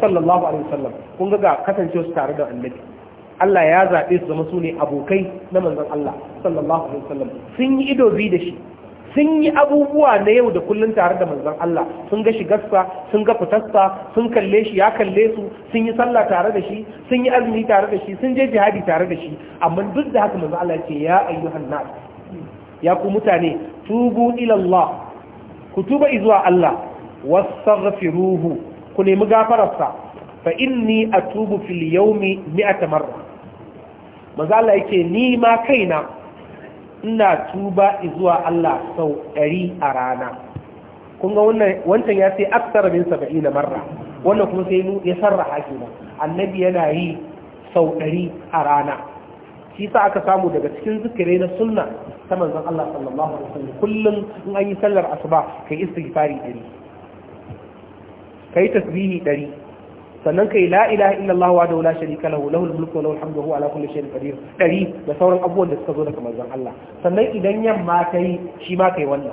sallallahu alaihi wasallam kun ga ga kasancewa su tare da annabi Allah ya zaɓe su zama su ne abokai na manzan Allah sallallahu alaihi wasallam sun yi ido biyu da shi sun yi abubuwa na yau da kullum tare da manzon Allah sun ga shigarsa sun ga fitarsa sun kalle shi ya kalle su sun yi sallah tare da shi sun yi azumi tare da shi sun je jihadi tare da shi amma duk da haka manzon Allah ce ya ayyuhan nas ya ku mutane tubu ila Allah ku tuba izuwa Allah wastaghfiruhu ku nemi gafararsa fa inni atubu fil yawmi mi'ata marra manzon Allah yake ni ma kaina ina tuba zuwa Allah sau ɗari a rana kun ga wancan ya sai aksar min saba'i na marra wannan kuma sai ya haƙi ba annabi yana yi sau ɗari a rana shi sa aka samu daga cikin zikirai na sunna ta manzon Allah sallallahu alaihi wasallam kullum in an yi sallar asuba kai istighfari ɗari kai tasbihi ɗari sannan kai la ilaha illallah wa la sharika lahu lahul mulku wa lahul hamdu huwa ala kulli shay'in qadir dari da sauran abubuwan da suka zo daga manzon Allah sannan idan yamma kai shi ma kai wannan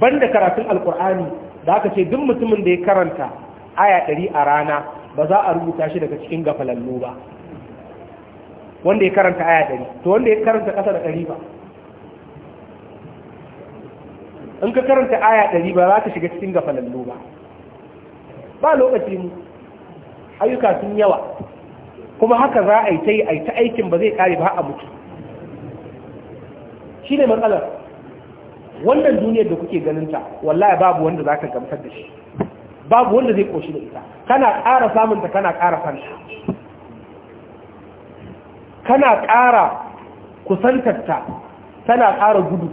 banda karatun alqur'ani da aka ce duk mutumin da ya karanta aya ɗari a rana ba za a rubuta shi daga cikin gafalallo ba wanda ya karanta aya ɗari to wanda ya karanta ƙasa da ɗari ba in ka karanta aya ɗari ba za ka shiga cikin gafalallo ba ba lokaci mu ayyuka sun yawa kuma haka za a yi ta yi a ta aikin ba zai kare ba a mutu shi ne matsalar wannan duniyar da kuke ganinta wallahi babu wanda za ka gamsar da shi babu wanda zai koshi da ita kana ƙara samunta kana ƙara fanta kana ƙara kusantarta tana ƙara gudu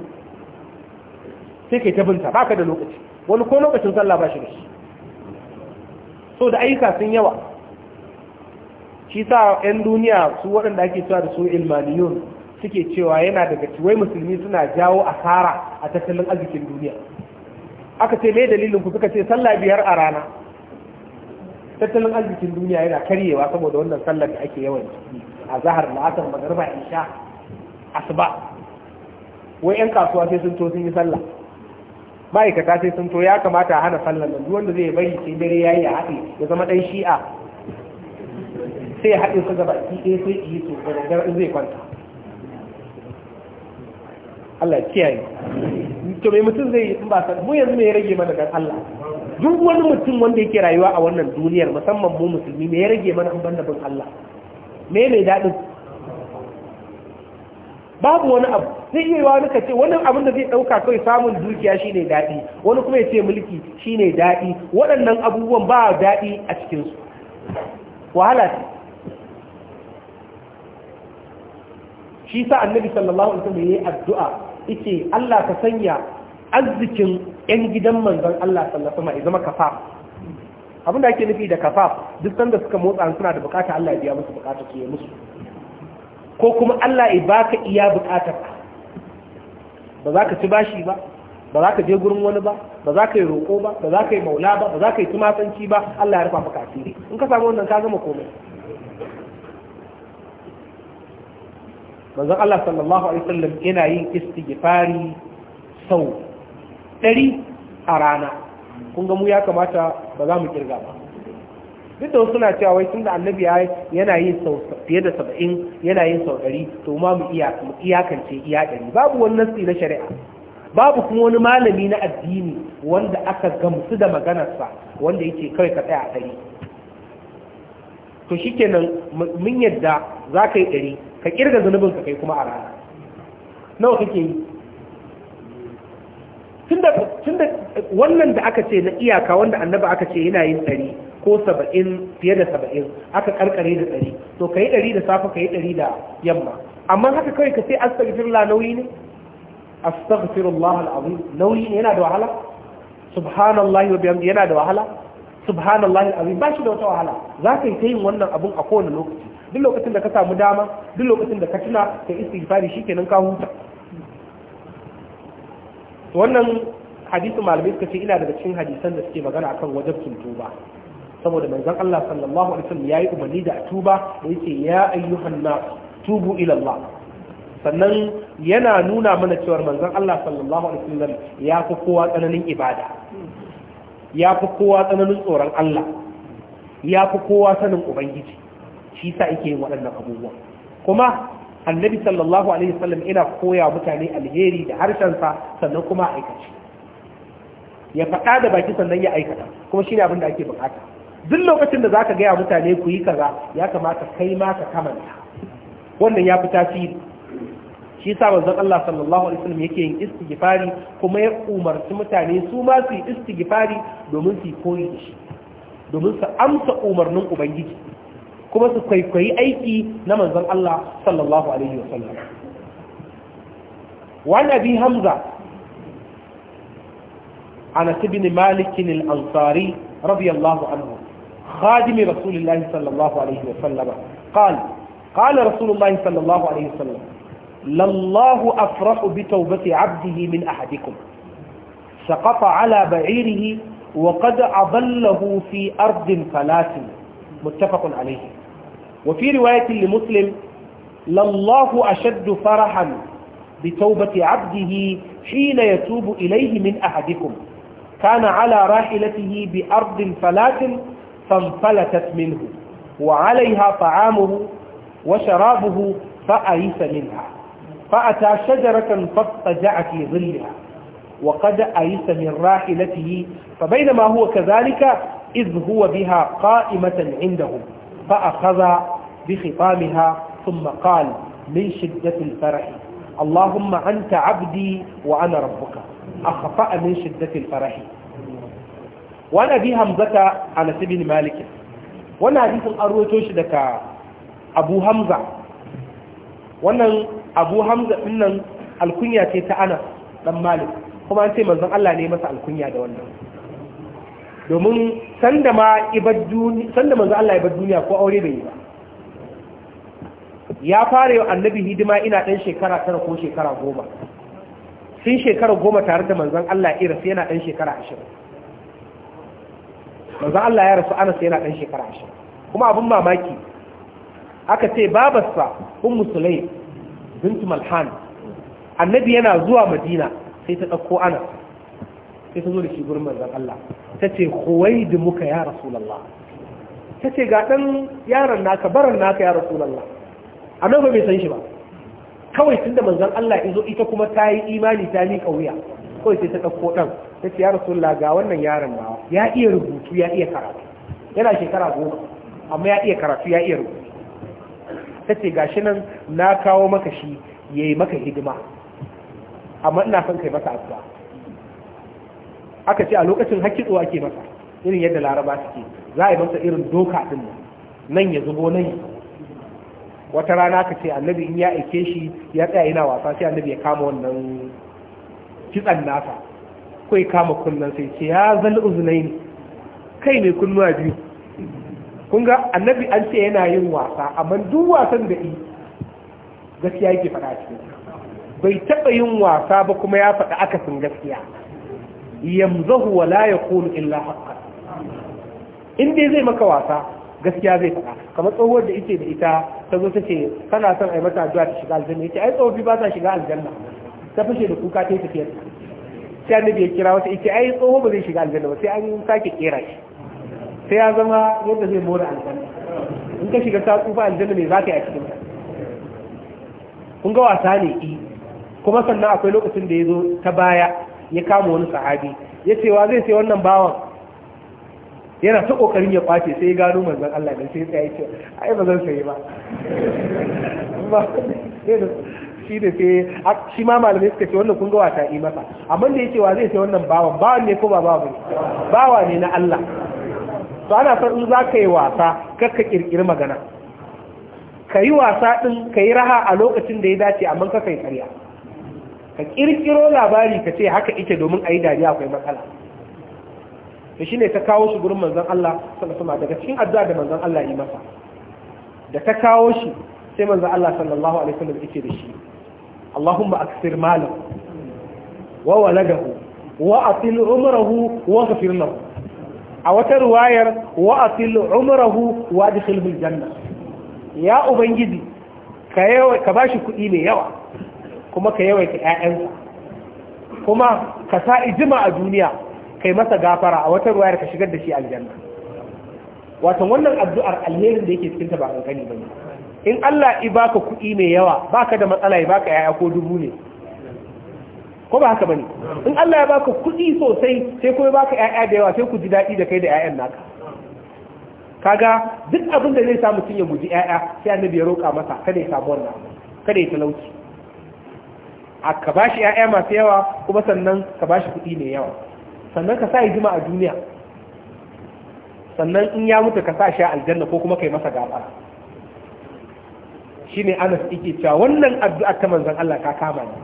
sai ka yi tabinta ba ka da lokaci wani ko lokacin sallah ba shi da shi so da ayyuka sun yawa shi sa 'yan duniya su waɗanda ake cewa da su ilmaniyun suke cewa yana daga ciwai musulmi suna jawo asara a tattalin arzikin duniya aka ce me dalilin ku suka ce sallah biyar a rana tattalin arzikin duniya yana karyewa saboda wannan sallar da ake yawan ciki a zahar la'asar magarba isha asuba wai 'yan kasuwa sai sun to sun yi sallah ma'aikata sai sun to ya kamata a hana sallar nan wanda zai bari sai dare ya yi a haɗe ya zama ɗan shi'a sai ya haɗe su gaba ki ɗaya sai ki yi su da gangar in zai kwanta Allah kiyaye to mai mutum zai yi in ba sa mu yanzu mai rage mana dan Allah duk wani mutum wanda yake rayuwa a wannan duniyar musamman mu musulmi me ya rage mana in banda bin Allah me mai daɗin babu wani abu sai iya yiwa ka ce wani abin da zai ɗauka kawai samun dukiya ne daɗi wani kuma ya ce mulki shi ne daɗi waɗannan abubuwan ba daɗi a cikinsu wahala ce shi sa annabi sallallahu alaihi wasallam yayi addu'a yace Allah ka sanya arzikin ƴan gidan manzon Allah sallallahu alaihi wasallam ya zama kafaf abin da ake nufi da kafaf duk sanda suka motsa suna da bukata Allah ya biya musu bukata ke musu ko kuma Allah ya baka iya bukatar ba za ka ci bashi ba ba za ka je gurin wani ba ba za ka yi roƙo ba ba za ka yi maula ba ba za ka yi tumatanci ba Allah ya rufa maka asiri in ka samu wannan ka zama komai manzon Allah sallallahu alaihi wasallam yana yin istighfari sau ɗari a rana kun ga mu ya kamata ba za mu kirga ba duk da wasu na cewa wai da annabi yana yin sau fiye da saba'in yana yin sau ɗari to ma mu iyakance iya ɗari babu wani nasi na shari'a babu kuma wani malami na addini wanda aka gamsu da maganarsa wanda yake kawai ka tsaya a ɗari to shikenan mun yadda za ka yi ɗari ka kirga zunubin ka kai kuma a rana nawa kake yi tunda wannan da aka ce na iyaka wanda annabi aka ce yana yin ɗari ko saba'in fiye da saba'in aka karkare da ɗari to ka yi ɗari da safe ka yi ɗari da yamma amma haka kawai ka sai astaghfirullah nauyi ne astaghfirullah al'azim nauyi ne yana da wahala subhanallah wa bihamdi yana da wahala subhanallah al'azim ba shi da wata wahala za ka yi ta yin wannan abun a kowane lokaci duk lokacin da ka samu dama duk lokacin da ka tuna ka istighfari shikenan ka huta wannan hadisin malamai suka ce ina daga cikin hadisan da suke magana akan wajabcin tuba saboda manzon Allah sallallahu alaihi wasallam yayi umarni da tuba da yake ya ayyuhan na tubu ila Allah sannan yana nuna mana cewa manzon Allah sallallahu alaihi wasallam ya fi kowa tsananin ibada ya fi kowa tsananin tsoron Allah ya fi kowa sanin ubangiji shi sa yake yin waɗannan abubuwa kuma annabi sallallahu alaihi wasallam ina koya mutane alheri da harshensa sannan kuma aikace ya faɗa da baki sannan ya aikata kuma shine abin da ake bukata duk lokacin da zaka gaya mutane ku yi kaza ya kamata kai ma ka kamanta wannan ya fi tasiri shi sa manzon Allah sallallahu alaihi wasallam yake yin istighfari kuma ya umarci mutane su ma su yi istighfari domin su koyi da shi domin su amsa umarnin ubangiji kuma su kwaikwayi aiki na manzon Allah sallallahu alaihi wasallam وعن أبي همزة عن بن مالك الأنصاري رضي الله عنه خادم رسول الله صلى الله عليه وسلم قال قال رسول الله صلى الله عليه وسلم لله أفرح بتوبة عبده من أحدكم سقط على بعيره وقد أضله في أرض ثلاث متفق عليه وفي رواية لمسلم لله أشد فرحا بتوبة عبده حين يتوب إليه من أحدكم كان على راحلته بأرض ثلاث فانفلتت منه وعليها طعامه وشرابه فأيس منها فأتى شجرة فاضطجع في ظلها وقد أيس من راحلته فبينما هو كذلك إذ هو بها قائمة عندهم فأخذ بخطامها ثم قال من شدة الفرح اللهم أنت عبدي وأنا ربك أخطأ من شدة الفرح wani abin hamzata a nasibin malikin wani hadisun an roto shi daga abu hamza wannan abu hamza ɗinnan alkunya ce ta ana ɗan malik kuma an ce manzan Allah ne masa alkunya da wannan domin sanda manzan Allah ya bar duniya ko aure bai yi ba ya fara yau annabi hidima ina ɗan shekara tara ko shekara goma sun shekara goma tare da manzan Allah iris yana ɗan shekara ashirin manzo Allah ya rasu Anas yana dan shekara 20 kuma abin mamaki aka ce babarsa ummu sulaim bint malhan annabi yana zuwa madina sai ta dauko Anas sai ta zo da shi gurin manzon Allah tace khuwaid muka ya rasulullah tace ga dan yaron naka baran naka ya rasulullah annabi bai san shi ba kawai tunda manzon Allah ya zo ita kuma ta yi imani ta ni kauya kawai sai ta ɗauko ɗan ta ce ya rasulullah ga wannan yaron nawa ya iya rubutu ya iya karatu yana shekara goma amma ya iya karatu ya iya rubutu ta ce gashi nan na kawo maka shi ya yi maka hidima amma ina son kai masa asuwa aka ce a lokacin hakkitso ake masa irin yadda laraba suke za a yi masa irin doka din nan ya zubo nan ya wata rana aka ce annabi in ya aike shi ya tsaya yana wasa sai annabi ya kama wannan kitsan nasa kai kama kullun sai ce ya zal uzunaini kai mai kunnuwa biyu kun ga annabi an ce yana yin wasa amma duk wasan da yi gaskiya yake faɗa cikin bai taɓa yin wasa ba kuma ya faɗa akasin gaskiya yamzahu wa la yaqulu illa haqqan in dai zai maka wasa gaskiya zai faɗa kamar tsohuwar da ita da ita ta zo ta ce kana son ai mata addu'a ta shiga aljanna yace ai tsofi ba ta shiga aljanna ta fashe da kuka ta yi tafiyar sai annabi ya kira wata ita ai tsoho ba zai shiga aljanna ba sai an sake kera shi sai ya zama yadda zai mora aljanna in ka shiga ta tsufa aljanna mai za ka yi a cikin kun ga wasa ne i eh. kuma sannan akwai lokacin da ya zo ta baya ya kama wani sahabi ya ce wa zai sai wannan bawan yana ta kokarin ya kwace sai ya gano manzon Allah da sai ya ce ai ba zan sayi ba (laughs) shi da sai shi ma malamai suka ce wannan kun ga wata yi masa amma da yake wa zai ce wannan bawan bawan ne ko ba bawa ne bawa ne na Allah to ana son in zaka yi wasa kar ka kirkiri magana ka yi wasa din ka yi raha a lokacin da ya dace amma ka kai ƙarya ka kirkiro labari ka ce haka ita domin a yi dariya akwai matsala to shine ta kawo shi gurin manzon Allah sallallahu alaihi wasallam daga cikin addu'a da manzon Allah yi masa da ta kawo shi sai manzon Allah sallallahu alaihi wasallam yake da shi Allahumma aksir malam wa waladahu wa atil umrahu wa ghfir lahu a wata ruwayar wa atil umrahu wa adkhilhu aljanna ya ubangiji ka yawa ka bashi kuɗi mai yawa kuma ka yawaita ƴaƴansa kuma ka sa ijima a duniya kai masa gafara a wata ruwayar ka shigar da shi aljanna wato wannan addu'ar alherin da cikin ta ba kankani in Allah i baka kuɗi mai yawa baka da matsala ya baka yaya ko dubu ne ko ba haka bane in Allah ya baka kuɗi sosai sai kuma baka yaya da yawa sai ku ji daɗi da kai da yayan naka kaga duk abin da zai sa mutum ya guji yaya sai annabi ya roƙa masa kada ya samu wannan kada ya talauci a ka bashi yaya masu yawa kuma sannan ka bashi kuɗi mai yawa sannan ka sa ya jima a duniya sannan in ya mutu ka sa shi a aljanna ko kuma kai masa gafara shine Anas yake cewa wannan addu'ar ta Manzan Allah ka kama ni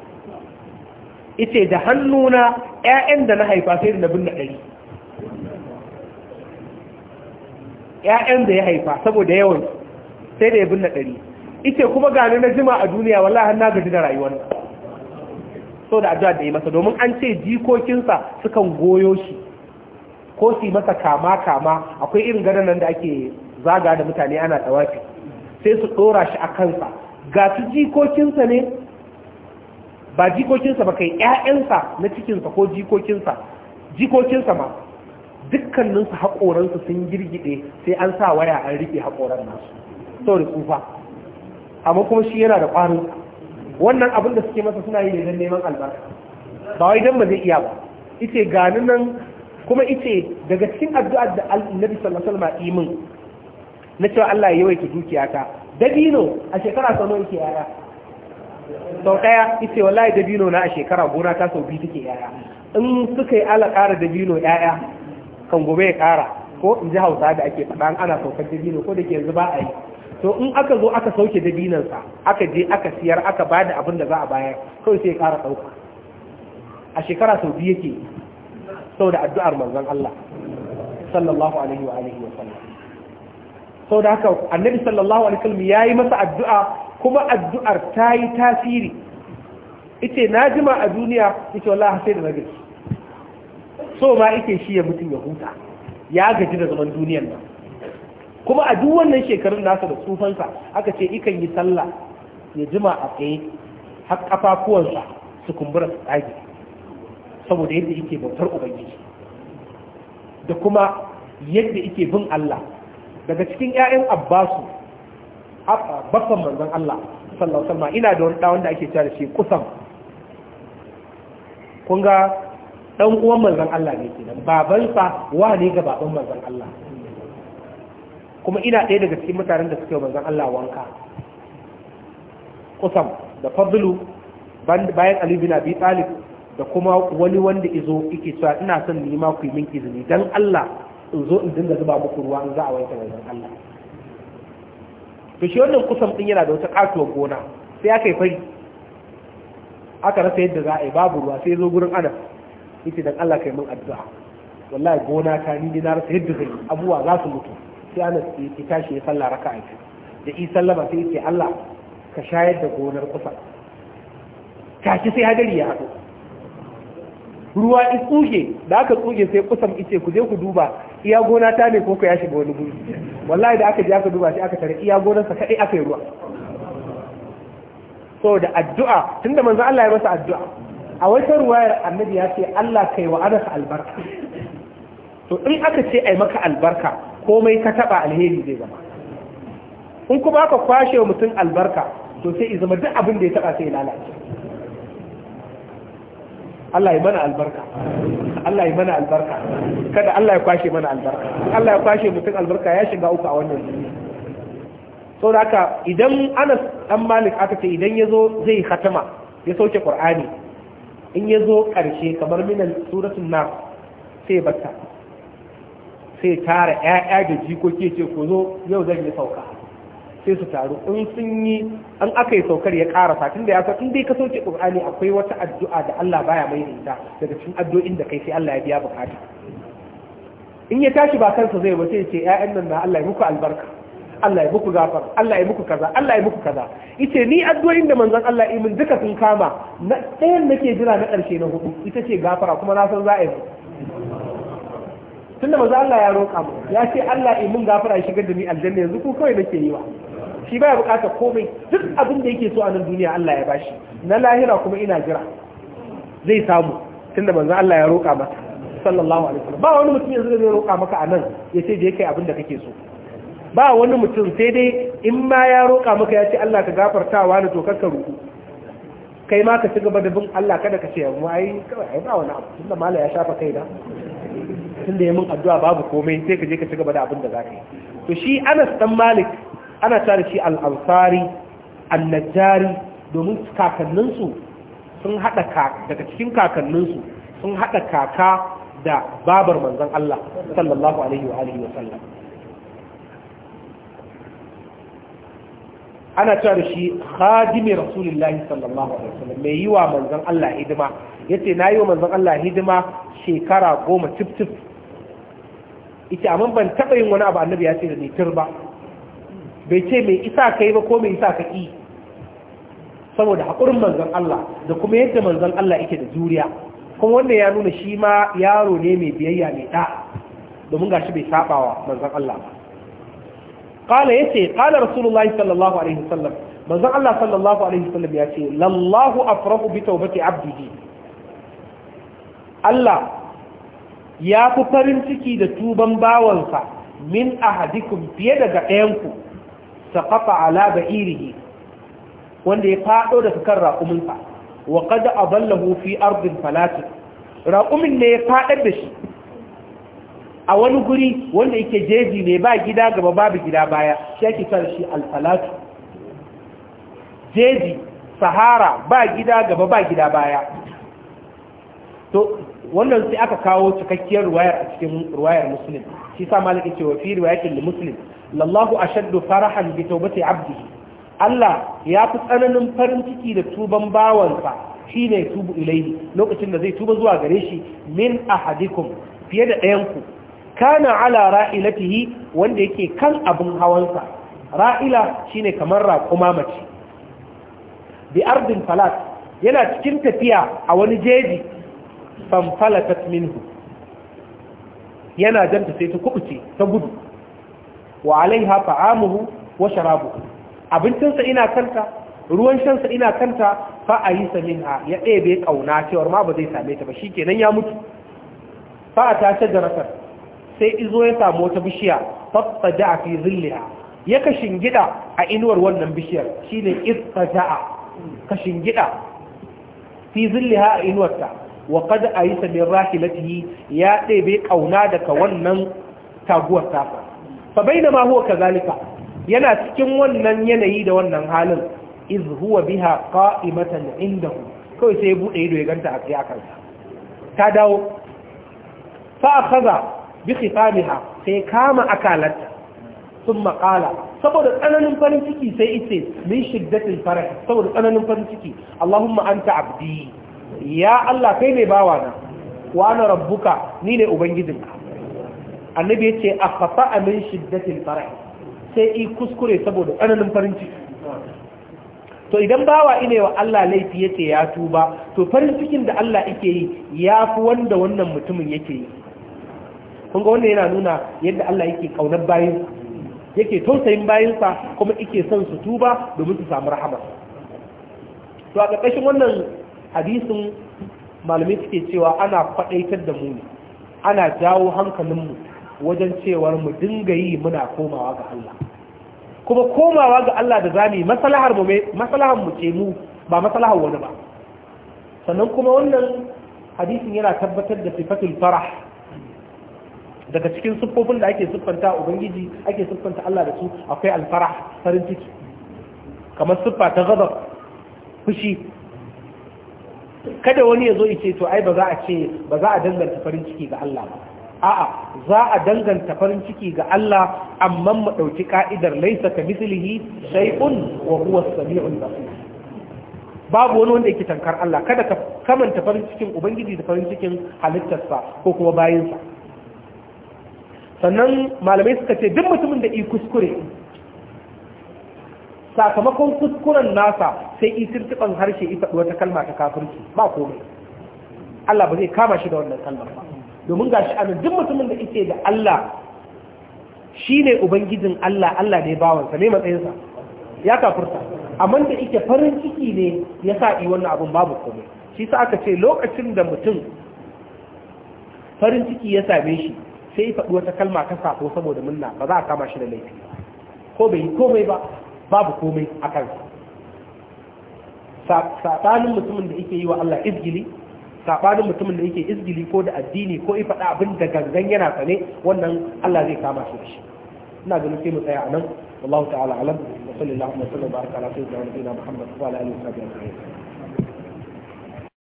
Ice da hannuna ƴaƴan da na haifa sai da binne ɗari ƴaƴan da ya haifa saboda yawan sai da ya binne ɗari Ice kuma gani na jima a duniya wallahi na gaji da rayuwar so da addu'a da yi masa domin an ce jikokinsa sukan goyo shi ko su yi masa kama kama akwai irin gadon nan da ake zaga da mutane ana tsawafi sai su ɗora shi a kansa ga su jikokinsa ne ba jikokinsa ba kai ‘ya'yansa na cikinsa ko jikokinsa jikokinsa ma dukkaninsu haƙoransu sun girgide sai an sa waya an riƙe haƙoran nasu da tsufa amma kuma shi yana da ƙwarin wannan abin da suke masa suna yi ne don neman albarka ba wai don ba zai iya ba ita gani nan kuma ita daga cikin addu'ar da annabi sallallahu alaihi wasallam imin na cewa Allah ya yawaita dukiyata dabino a shekara sau nawa yake yaya sau daya ita wallahi dabino na a shekara gona ta sau biyu take yaya in suka yi ala ƙara dabino yaya kan gobe ya ƙara ko in ji hausa da ake faɗa ana saukar dabino ko da ke yanzu ba a yi to in aka zo aka sauke dabinansa aka je aka siyar aka ba da abin da za a bayar kawai sai ya ƙara ɗauka a shekara sau biyu yake sau da addu'ar manzon Allah sallallahu alaihi wa alihi wa sallam sau da haka annabi sallallahu alaihi wasallam ya yi masa addu'a kuma addu'ar ta yi tasiri ita na jima a duniya ita wallahi sai da na gaji so ma ike shi ya mutum ya huta ya gaji da zaman duniyar nan kuma a duk wannan shekarun nasa da tsufansa aka ce ikan yi sallah ya jima a tsaye har kafafuwansa su kumbura su tsage saboda yadda yake bautar ubangiji da kuma yadda yake bin Allah daga cikin 'ya'yan abbasu bakan manzan Allah sallallahu alaihi ina da wani ɗawon da ake cewa da shi kusan kun ga ɗan uwan manzan Allah ne kenan babansa wa ne ga baban manzan Allah kuma ina ɗaya daga cikin mutanen da suke manzan Allah wanka Kusan da fadlu bayan Ali bin Abi Talib da kuma wani wanda izo yake cewa ina son ni ma ku yi min izini dan Allah in zo in dinga zuba muku ruwa in za a wanke wajen Allah to shi wannan kusan din yana da wata katuwar gona sai aka yi fari aka rasa yadda za a yi babu ruwa sai zo gurin anas yace dan Allah kai min addu'a wallahi gona ta ni na rasa yadda zai abuwa za su mutu sai anas ya tashi ya sallah raka'a da yi sallama sai yace Allah ka shayar da gonar kusa tashi sai hadari ya haɗu ruwa in tsuge da aka tsuge sai kusan ice ku je ku duba iya gona ta ne ko koko ya shiga wani guri wallahi da aka je aka duba shi aka tare iya gonarsa kaɗai aka yi ruwa so da addu'a tunda manzo Allah ya masa addu'a a wata ruwayar annabi ya ce Allah kai wa anaka albarka to in aka ce ai maka albarka komai ka taba alheri zai zama in kuma aka kwashe wa mutum albarka to sai ya zama duk abin da ya taba sai ya lalace Allah ya mana albarka Allah ya mana albarka kada Allah ya kwashe mana albarka Allah ya kwashe mutum albarka ya shiga uku a wannan sau da haka idan anas dan malik aka ce idan ya zo zai hatama ya sauke qur'ani in ya zo ƙarshe kamar minan suratun nan sai batta sai tara 'ya'ya da jikoki ce ko zo yau zan yi sauka sai su taru in sun yi an aka yi saukar ya karasa tunda ya san in dai ka sauke qur'ani akwai wata addu'a da Allah baya mai ita daga cikin addu'o'in da kai sai Allah ya biya bukata in ya tashi ba kansa zai wace ce ƴaƴan nan na Allah ya muku albarka Allah ya muku gafar Allah ya muku kaza Allah ya muku kaza yace ni addu'o'in da manzon Allah imin duka sun kama na ɗayan nake jira na ƙarshe na hudu ita ce gafara kuma na san za a yi tunda manzon Allah ya roƙa mu ya ce Allah imin gafara shigar da ni aljanna yanzu ko kawai nake yi wa shi ba ya bukata komai duk abin da yake so a nan duniya Allah ya bashi na lahira kuma ina jira zai samu tunda manzon Allah ya roƙa masa sallallahu alaihi wasallam ba wani mutum yanzu da zai roƙa maka a nan ya ce da yake abin da kake so ba wani mutum sai dai in ma ya roƙa maka ya ce Allah ka gafartawa ne to kakka ruku kai ma ka ci gaba da bin Allah kada ka ce mu ai kai ba wani abu tunda mala ya shafa kai da tunda ya min addu'a babu komai sai ka je ka ci gaba da abin da zaka yi to shi Anas dan Malik ana tare shi al-ansari domin kakanninsu sun hada daga cikin kakanninsu sun haɗa kaka da babar manzon Allah sallallahu alaihi wa alihi wa sallam ana tare da shi khadimi rasulullahi sallallahu alaihi wasallam mai yi wa manzon Allah hidima yace na yi wa manzon Allah hidima shekara goma tif tif ita amma ban taɓa yin wani abu annabi ya ce da ni tir ba bai ce mai isa ka yi ba ko mai isa ka yi saboda haƙurin manzan Allah da kuma yadda manzan Allah yake da juriya kuma wanda ya nuna shi ma yaro ne mai biyayya mai ɗa domin gashi bai saba wa manzan Allah ba kala ya ce kala rasulullahi sallallahu manzan Allah sallallahu alaihi ya ce lallahu afrahu bi tawbati abdihi Allah ya fi farin ciki da tuban bawansa min ahadikum fiye daga ɗayanku saqafa ala irihi wanda ya fado daga kan raƙuminsa wa a aballahu fi arzikin falat raƙumin ne ya fadar da shi a wani guri wanda yake jeji ne ba gida gaba babu gida baya shi ake kar shi alfalatu jeji sahara ba gida gaba ba gida baya to wannan sai aka kawo cikakkiyar ruwayar a cikin ruwayar musulun, shi sa malaka wa fi riwayatin li musulun. lallahu ashaddu farahan bi tawbati Allah ya fi tsananin farin ciki da tuban bawansa shine tubu ilayhi lokacin da zai tuba zuwa gare shi min ahadikum fiye da ɗayan ku kana ala ra'ilatihi wanda yake kan abin hawansa ra'ila shine kamar raƙuma mace bi ardin falat yana cikin tafiya a wani jeji fanfalatat minhu yana ta sai ta kubuce ta gudu wa alaiha ta'amuhu wa sharabuhu abincinsa ina kanta ruwan shansa ina kanta fa ayisa minha ya ɗebe kauna cewar ma ba zai same ta ba shikenan ya mutu fa ata shajaratar sai izo ya samu wata bishiya fattaja fi zilliha ya kashin gida a inuwar wannan bishiyar shine istaja'a kashin gida fi zilliha a inuwarta wa qad ayisa min rahilatihi ya ɗebe kauna daga wannan taguwar fa bainama huwa kazalika yana cikin wannan yanayi da wannan halin iz huwa biha qa'imatan indahu kawai sai ya bude ido ya ganta a tsaye ta dawo fa akhadha bi famiha sai kama akalata thumma qala saboda tsananin farin ciki sai ice min shiddatin farin saboda tsananin farin ciki Allahumma anta abdi ya Allah kai ne bawana wa ana rabbuka ni ne ubangijinka annabi ya ce a fasa a min shiddatin fara'i sai i kuskure saboda tsananin farin ciki to idan bawa ine wa Allah laifi yace ya tuba to farin cikin da Allah yake yi ya fi wanda wannan mutumin yake yi kun ga wannan yana nuna yadda Allah yake kaunar bayin yake tausayin sa kuma yake son su tuba domin su samu rahama to a ƙarƙashin wannan hadisin malamai suke cewa ana faɗaitar da mu ana jawo hankalinmu wajen cewar mu dinga yi muna komawa ga Allah kuma komawa ga Allah da zamu maslahar mu masalahar mu ce mu ba masalahar wani ba sannan kuma wannan hadisin yana tabbatar da sifatul farah daga cikin siffofin da ake siffanta ubangiji ake siffanta Allah da su akwai alfarah farin ciki kamar siffa ta gazab fushi kada wani ya zo ya ce to ai ba za a ce ba za a danganta farin ciki ga Allah ba a'a za a danganta farin ciki ga Allah amma mu ɗauki ka'idar laisa ka mislihi shay'un wa huwa as-sami'ul basir babu wani wanda yake tankar Allah kada ka kamanta farin cikin ubangiji da farin cikin halittarsa ko kuma bayinsa sannan malamai suka ce duk mutumin da yi kuskure sakamakon kuskuren nasa sai yi tuntuɓan harshe ita wata kalma ta kafirci ba komai Allah ba zai kama shi da wannan kalmar ba domin ga shi a duk mutumin da ike da Allah shine ubangijin Allah Allah ne bawansa ne matsayinsa ya kafurta amma da ike farin ciki ne ya sa yi wannan abun babu komai shi sa aka ce lokacin da mutum farin ciki ya same shi sai faɗi wata kalma ta sako saboda munna ba za a kama shi da laifi ko bai yi komai ba babu komai a kansa tsanin mutumin da ike yi wa Allah izgili sabanin mutumin da yake izgili ko da addini ko ifa da abin da gangan yana sane wannan Allah zai kama shi da shi ina ganin sai mu tsaya anan Allahu wallahu ta'ala alam wa sallallahu alaihi wa sallam baraka ala sayyidina muhammad wa ala alihi wa sahbihi